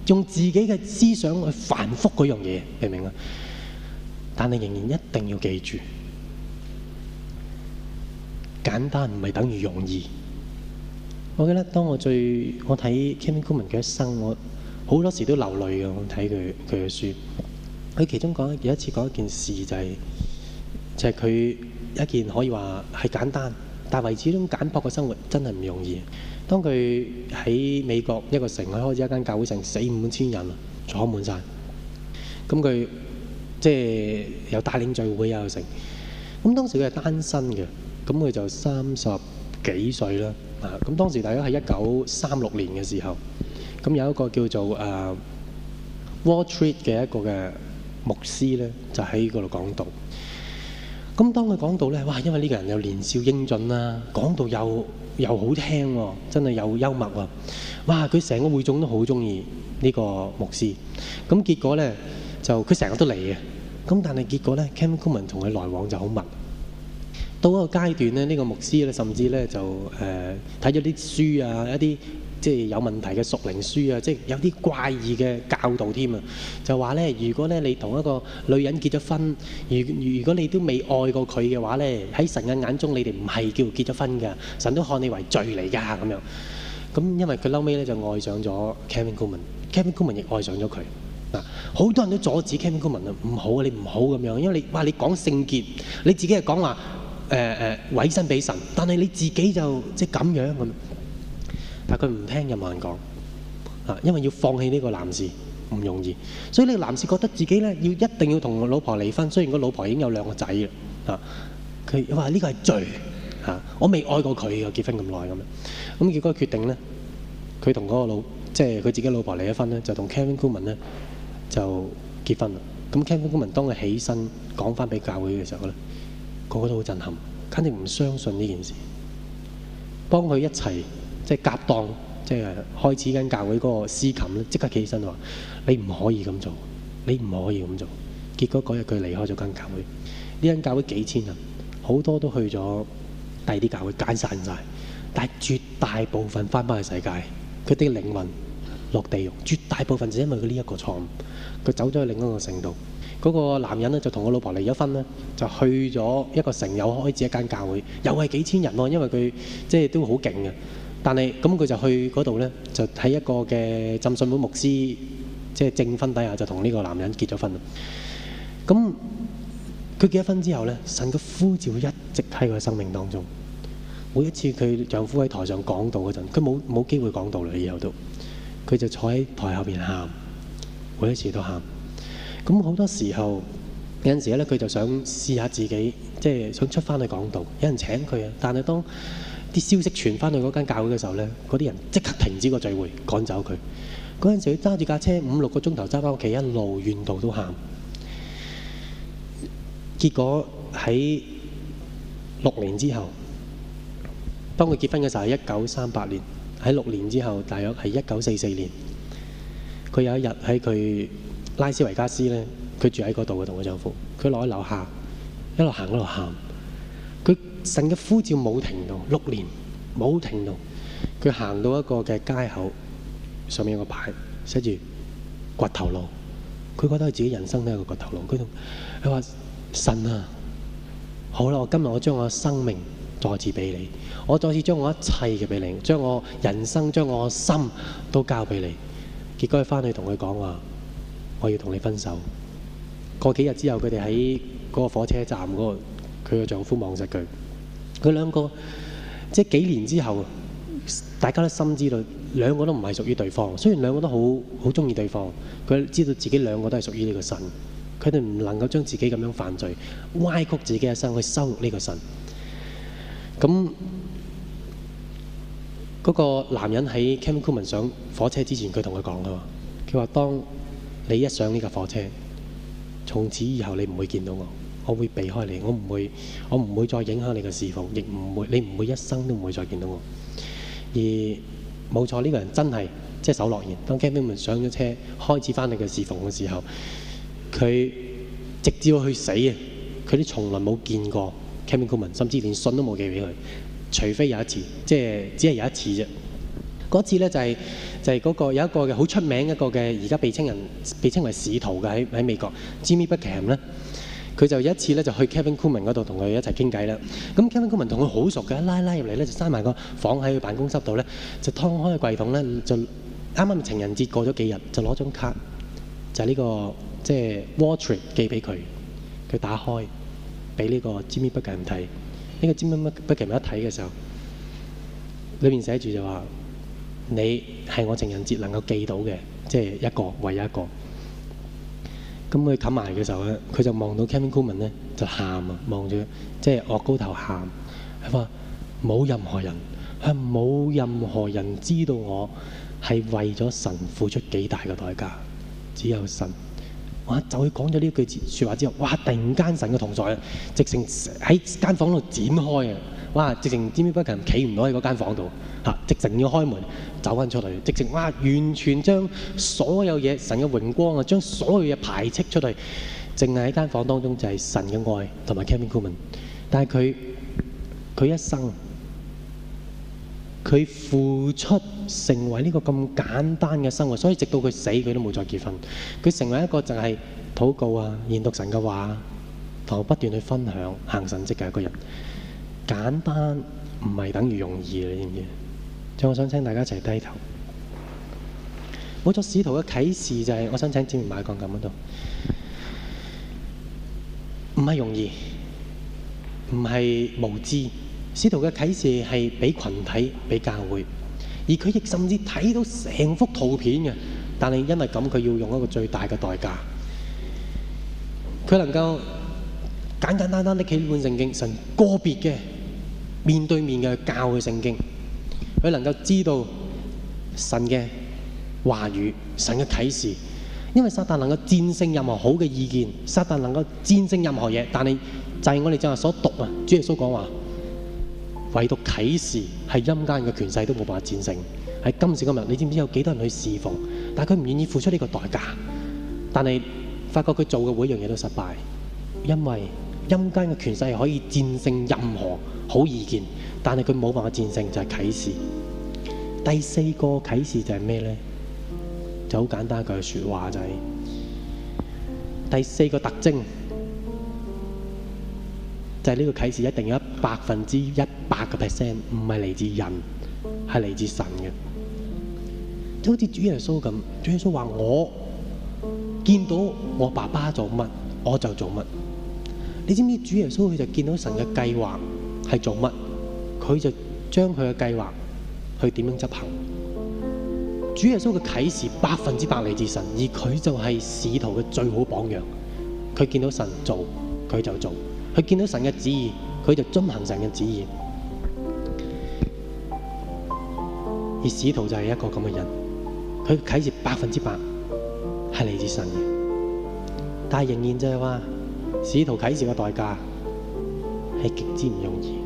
[SPEAKER 1] 用自己嘅思想去反覆嗰樣嘢，明唔明啊？但係仍然一定要記住，簡單唔係等於容易。我記得當我最，我睇 Kingsley c o m a n 嘅一生，我好多時都流淚嘅。我睇佢佢嘅書，佢其中講有一次講一件事，就係，就係就係佢一件可以話係簡單，但係為此種簡樸嘅生活真係唔容易。當佢喺美國一個城咧，開咗一間教會，成四五千人，坐滿曬。咁佢即係有帶領聚會啊，成。咁當時佢係單身嘅，咁佢就三十幾歲啦。啊，咁當時大概係一九三六年嘅時候，咁有一個叫做啊 Wall Street 嘅一個嘅牧師咧，就喺嗰度講道。咁當佢講道咧，哇！因為呢個人又年少英俊啦，講道又～又好聽喎、哦，真係又幽默喎、啊！哇，佢成個會眾都好鍾意呢個牧師。咁結果咧就佢成日都嚟嘅，咁但係結果咧，Ken Common 同佢來往就好密。到一個階段咧，呢、這個牧師咧，甚至咧就誒睇咗啲書啊，一啲。即係有問題嘅屬靈書啊！即係有啲怪異嘅教導添啊！就話咧，如果咧你同一個女人結咗婚，如如果你都未愛過佢嘅話咧，喺神嘅眼中你哋唔係叫結咗婚㗎，神都看你為罪嚟㗎咁樣。咁因為佢後屘咧就愛上咗 Kevin Common，Kevin Common 亦愛上咗佢。啊，好多人都阻止 Kevin Common 啊，唔好啊，你唔好咁樣，因為你哇，你講聖潔，你自己係講話誒誒委身俾神，但係你自己就即係咁樣咁。但佢唔聽任何人講，嚇，因為要放棄呢個男士唔容易，所以呢個男士覺得自己咧要一定要同老婆離婚。雖然個老婆已經有兩個仔啦，嚇，佢話呢個係罪嚇，我未愛過佢嘅結婚咁耐咁樣，咁結果決定呢，佢同嗰個老即係佢自己老婆離咗婚呢，就同 Kevin Goodman 咧就結婚啦。咁 Kevin Goodman 當佢起身講翻俾教會嘅時候咧，個個都好震撼，肯定唔相信呢件事，幫佢一齊。即係夾檔，即係開始間教會嗰個司琴咧，即刻企起身話：你唔可以咁做，你唔可以咁做。結果嗰日佢離開咗間教會，呢間教會幾千人，好多都去咗第二啲教會，解散晒。但係絕大部分翻返去世界，佢啲靈魂落地獄。絕大部分就因為佢呢一個錯誤，佢走咗去另一個城度。嗰、那個男人咧就同我老婆離咗婚咧，就去咗一個城友開始一間教會，又係幾千人咯。因為佢即係都好勁嘅。但係咁，佢就去嗰度咧，就喺一個嘅浸信會牧師，即係證婚底下，就同呢個男人結咗婚啦。咁佢結咗婚之後咧，神嘅呼召一直喺佢生命當中。每一次佢丈夫喺台上講道嗰陣，佢冇冇機會講道啦，以後都佢就坐喺台後邊喊，每一次都喊。咁好多時候有陣時咧，佢就想試下自己，即係想出翻去講道。有人請佢啊，但係當啲消息傳翻去嗰間教會嘅時候咧，嗰啲人即刻停止個聚會，趕走佢。嗰陣時佢揸住架車五六個鐘頭揸翻屋企，一路沿途都喊。結果喺六年之後，當佢結婚嘅時候係一九三八年，喺六年之後大約係一九四四年，佢有一日喺佢拉斯維加斯咧，佢住喺嗰度嘅同佢丈夫，佢落喺樓下一路行一路喊。神嘅呼召冇停到六年，冇停到。佢行到一個嘅街口上面，有個牌寫住掘頭路。佢覺得佢自己人生都有個掘頭路。佢佢話，神啊，好啦，我今日我將我嘅生命再次俾你，我再次將我一切嘅俾你，將我人生將我心都交俾你。結果佢翻去同佢講話，我要同你分手。過幾日之後，佢哋喺嗰個火車站嗰個，佢嘅丈夫望實佢。佢兩個即係幾年之後，大家都心知道兩個都唔係屬於對方。雖然兩個都好好鍾意對方，佢知道自己兩個都係屬於呢個神。佢哋唔能夠將自己這樣犯罪、歪曲自己一生去羞辱呢個神。那嗰、那個男人喺 Kathryn Kuhlman 上火車之前，佢同佢講啦，佢話當你一上呢架火車，從此以後你唔會見到我。我會避開你，我唔會，我唔會再影響你嘅侍奉，亦唔會，你唔會一生都唔會再見到我。而冇錯，呢個人真係即係守諾言。當 Camping 們上咗車，開始翻你嘅侍奉嘅時候，佢直接去死啊！佢都從來冇見過 Camping Woman，甚至連信都冇寄俾佢，除非有一次，即係只係有一次啫。嗰次呢，就係就係嗰個有一個嘅好出名一個嘅而家被稱人被稱為使徒嘅喺喺美國 Jimmy Kimm 咧。佢就一次咧就去 Kevin Cooman 嗰度同佢一齊傾偈啦。咁 Kevin Cooman 同佢好熟嘅，拉拉入嚟咧就閂埋個房喺佢辦公室度咧，就劏開個櫃桶咧，就啱啱情人節過咗幾日，就攞張卡就係呢個即係 Waltrip 寄俾佢，佢打開俾呢個 Jimmy Bookam 睇。呢個 Jimmy Bookam 一睇嘅時候，裏面寫住就話你係我情人節能夠寄到嘅，即係一個為一個。咁佢冚埋嘅時候咧，佢就望到 Kevin Coleman 咧就喊啊，望住即係昂高頭喊，佢話冇任何人，佢話冇任何人知道我係為咗神付出幾大嘅代價，只有神。哇，就佢講咗呢句說話之後，哇！突然間神嘅同在啊，直情喺間房度展開啊，哇！直情孜孜不倦企唔到喺嗰間房度。嚇！直情、啊、要開門走翻出嚟，直情哇！完全將所有嘢神嘅榮光啊，將所有嘢排斥出嚟，淨係喺間房當中就係神嘅愛同埋 camping c o m a n，但係佢佢一生佢付出成為呢個咁簡單嘅生活，所以直到佢死佢都冇再結婚。佢成為一個就係禱告啊、研讀神嘅話同我不斷去分享行神跡嘅一個人。簡單唔係等於容易嘅，你知唔知？我想請大家一齊低頭。冇咗使徒嘅啟示就係，我想請展文買講咁多，唔係容易，唔係無知。使徒嘅啟示係俾羣體、俾教會，而佢亦甚至睇到成幅圖片嘅。但係因為咁，佢要用一個最大嘅代價。佢能夠簡簡單單地企喺本聖經，神個別嘅面對面嘅教佢聖經。佢能夠知道神嘅話語、神嘅啟示，因為撒旦能夠戰勝任何好嘅意見，撒旦能夠戰勝任何嘢。但係就係我哋正話所讀啊，主耶穌講話，唯獨啟示係陰間嘅權勢都冇辦法戰勝。喺今時今日，你知唔知有幾多人去侍奉，但係佢唔願意付出呢個代價，但係發覺佢做嘅每一樣嘢都失敗，因為陰間嘅權勢係可以戰勝任何好意見。但係佢冇辦法戰勝，就係啟示。第四個啟示就係咩呢？就好簡單一句說話就係：第四個特徵就係呢個啟示一定有一百分之一百個 percent 唔係嚟自人，係嚟自神嘅。就好似主耶穌咁，主耶穌話我見到我爸爸做乜，我就做乜。你知唔知主耶穌佢就見到神嘅計劃係做乜？佢就將佢嘅計劃去點樣執行？主耶穌嘅啟示百分之百嚟自神，而佢就係使徒嘅最好榜樣。佢見到神做，佢就做；佢見到神嘅旨意，佢就遵行神嘅旨意。而使徒就係一個咁嘅人，佢嘅啟示百分之百係嚟自神嘅，但係仍然就係話，使徒啟示嘅代價係極之唔容易。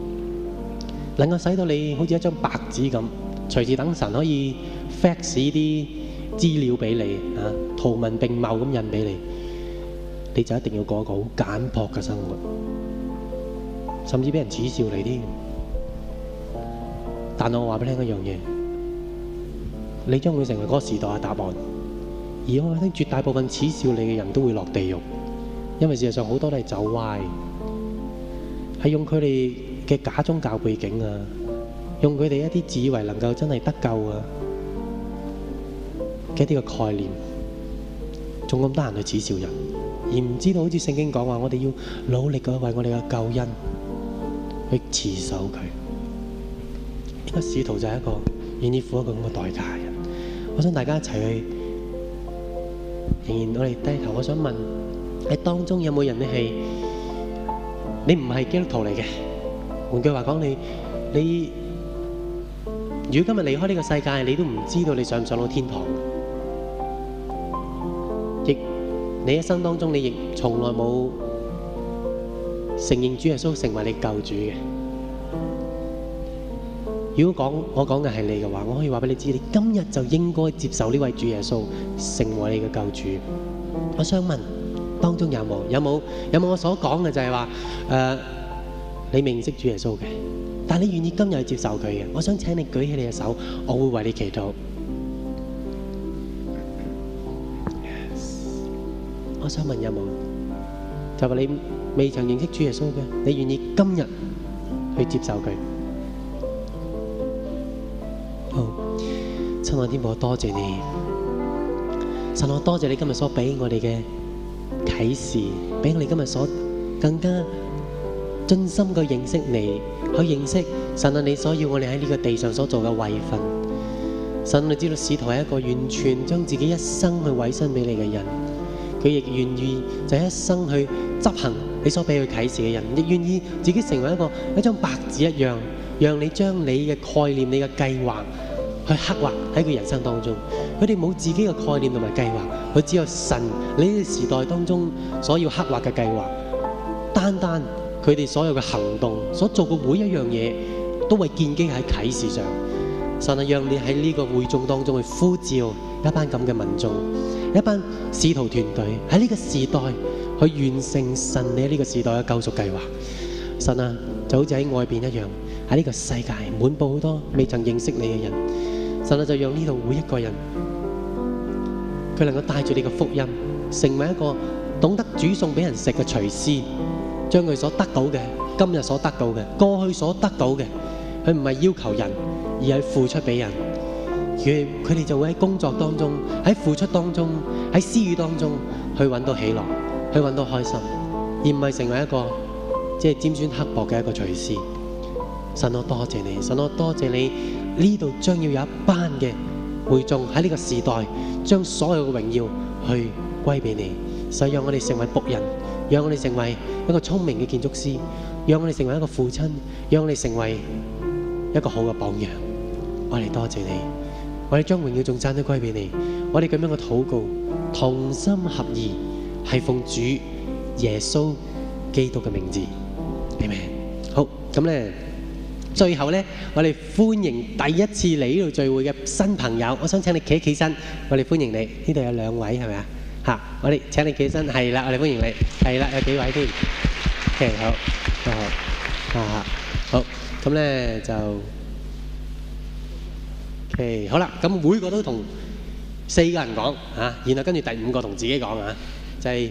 [SPEAKER 1] 能夠使到你好似一張白紙咁，隨時等神可以 fax 啲資料俾你，啊，圖文並茂咁印俾你，你就一定要過一個好簡樸嘅生活，甚至俾人恥笑你添。但我話俾你聽一樣嘢，你將會成為嗰個時代嘅答案，而我聽絕大部分恥笑你嘅人都會落地獄，因為事實上好多都係走歪，係用佢哋。嘅假宗教背景啊，用佢哋一啲自以為能夠真係得救啊嘅一啲嘅概念，仲咁得閒去恥笑人，而唔知道好似聖經講話，我哋要努力咁為我哋嘅救恩去持守佢。呢個使徒就係一個願意付一個咁嘅代價嘅人。我想大家一齊去，仍然我哋低頭，我想問喺當中有冇人你係你唔係基督徒嚟嘅？換句話講，你你如果今日離開呢個世界，你都唔知道你上唔上到天堂。亦你一生當中，你亦從來冇承認主耶穌成為你救主嘅。如果講我講嘅係你嘅話，我可以話俾你知，你今日就應該接受呢位主耶穌成為你嘅救主。我想問當中有冇？有冇？有冇？我所講嘅就係話誒。呃你未認識主耶穌嘅，但你願意今日去接受佢嘅？我想請你舉起你嘅手，我會為你祈禱。Yes。我想問有冇？就話你未曾認識主耶穌嘅，你願意今日去接受佢？好，親愛的天父，多謝你，神啊，多謝你今日所俾我哋嘅啟示，俾我哋今日所更加。真心嘅認識你，去認識神啊！你所要我哋喺呢個地上所做嘅位分，神你知道使徒係一個完全將自己一生去委身俾你嘅人，佢亦願意就一生去執行你所俾佢啟示嘅人，亦願意自己成為一個一張白紙一樣，讓你將你嘅概念、你嘅計劃去刻畫喺佢人生當中。佢哋冇自己嘅概念同埋計劃，佢只有神你呢個時代當中所要刻畫嘅計劃，單單。佢哋所有嘅行動，所做嘅每一樣嘢，都會建基喺啟示上。神啊，讓你喺呢個會眾當中去呼召一班咁嘅民眾，一班使徒團隊喺呢個時代去完成神你喺呢個時代嘅救贖計劃。神啊，就好似喺外邊一樣，喺呢個世界滿布好多未曾認識你嘅人。神啊，就讓呢度每一個人，佢能夠帶住你嘅福音，成為一個懂得煮餸俾人食嘅廚師。將佢所得到嘅，今日所得到嘅，過去所得到嘅，佢唔係要求人，而係付出俾人。佢佢哋就會喺工作當中，喺付出當中，喺私語當中，去揾到喜樂，去揾到開心，而唔係成為一個即係尖酸刻薄嘅一個隨侍。神我多謝你，神我多謝你，呢度將要有一班嘅會眾喺呢個時代，將所有嘅榮耀去歸俾你，使讓我哋成為僕人。讓我哋成為一個聰明嘅建築師，讓我哋成為一個父親，讓我哋成為一個好嘅榜樣。我哋多謝你，我哋將榮耀頌讚都歸俾你。我哋咁樣嘅禱告，同心合意，係奉主耶穌基督嘅名字，阿門。好，咁咧，最後咧，我哋歡迎第一次嚟呢度聚會嘅新朋友。我想請你企起身，我哋歡迎你。呢度有兩位係咪啊？嚇！我哋請你企身，係啦，我哋歡迎你，係啦，有幾位添？OK，好，啊，啊，好，咁咧就 OK，好啦，咁每個都同四個人講嚇，然後跟住第五個同自己講嚇，就係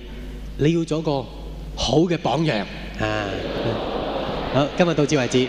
[SPEAKER 1] 你要做個好嘅榜樣啊！好，今日到此為止。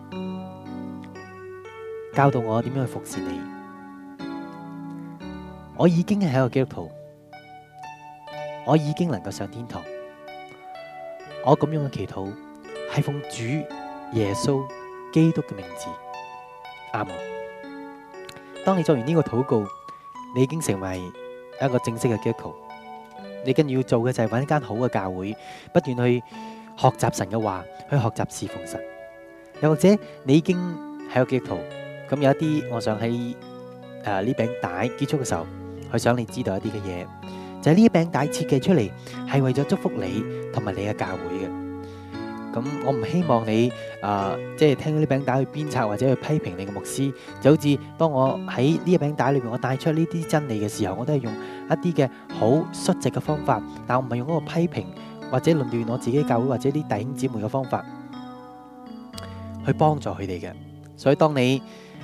[SPEAKER 1] 教導我點樣去服侍你，我已經係一個基督徒，我已經能夠上天堂。我咁樣嘅祈禱係奉主耶穌基督嘅名字，阿門。當你做完呢個禱告，你已經成為一個正式嘅基督徒。你跟住要做嘅就係揾一間好嘅教會，不斷去學習神嘅話，去學習侍奉神。又或者你已經係一個基督徒。咁有一啲，我想喺誒呢餅帶結束嘅時候，佢想你知道一啲嘅嘢，就係呢餅帶設計出嚟係為咗祝福你同埋你嘅教會嘅。咁我唔希望你誒即係聽到呢餅帶去鞭策或者去批評你嘅牧師，就好似當我喺呢一餅帶裏邊，我帶出呢啲真理嘅時候，我都係用一啲嘅好率直嘅方法，但係我唔係用嗰個批評或者論斷我自己教會或者啲弟兄姊妹嘅方法去幫助佢哋嘅。所以當你，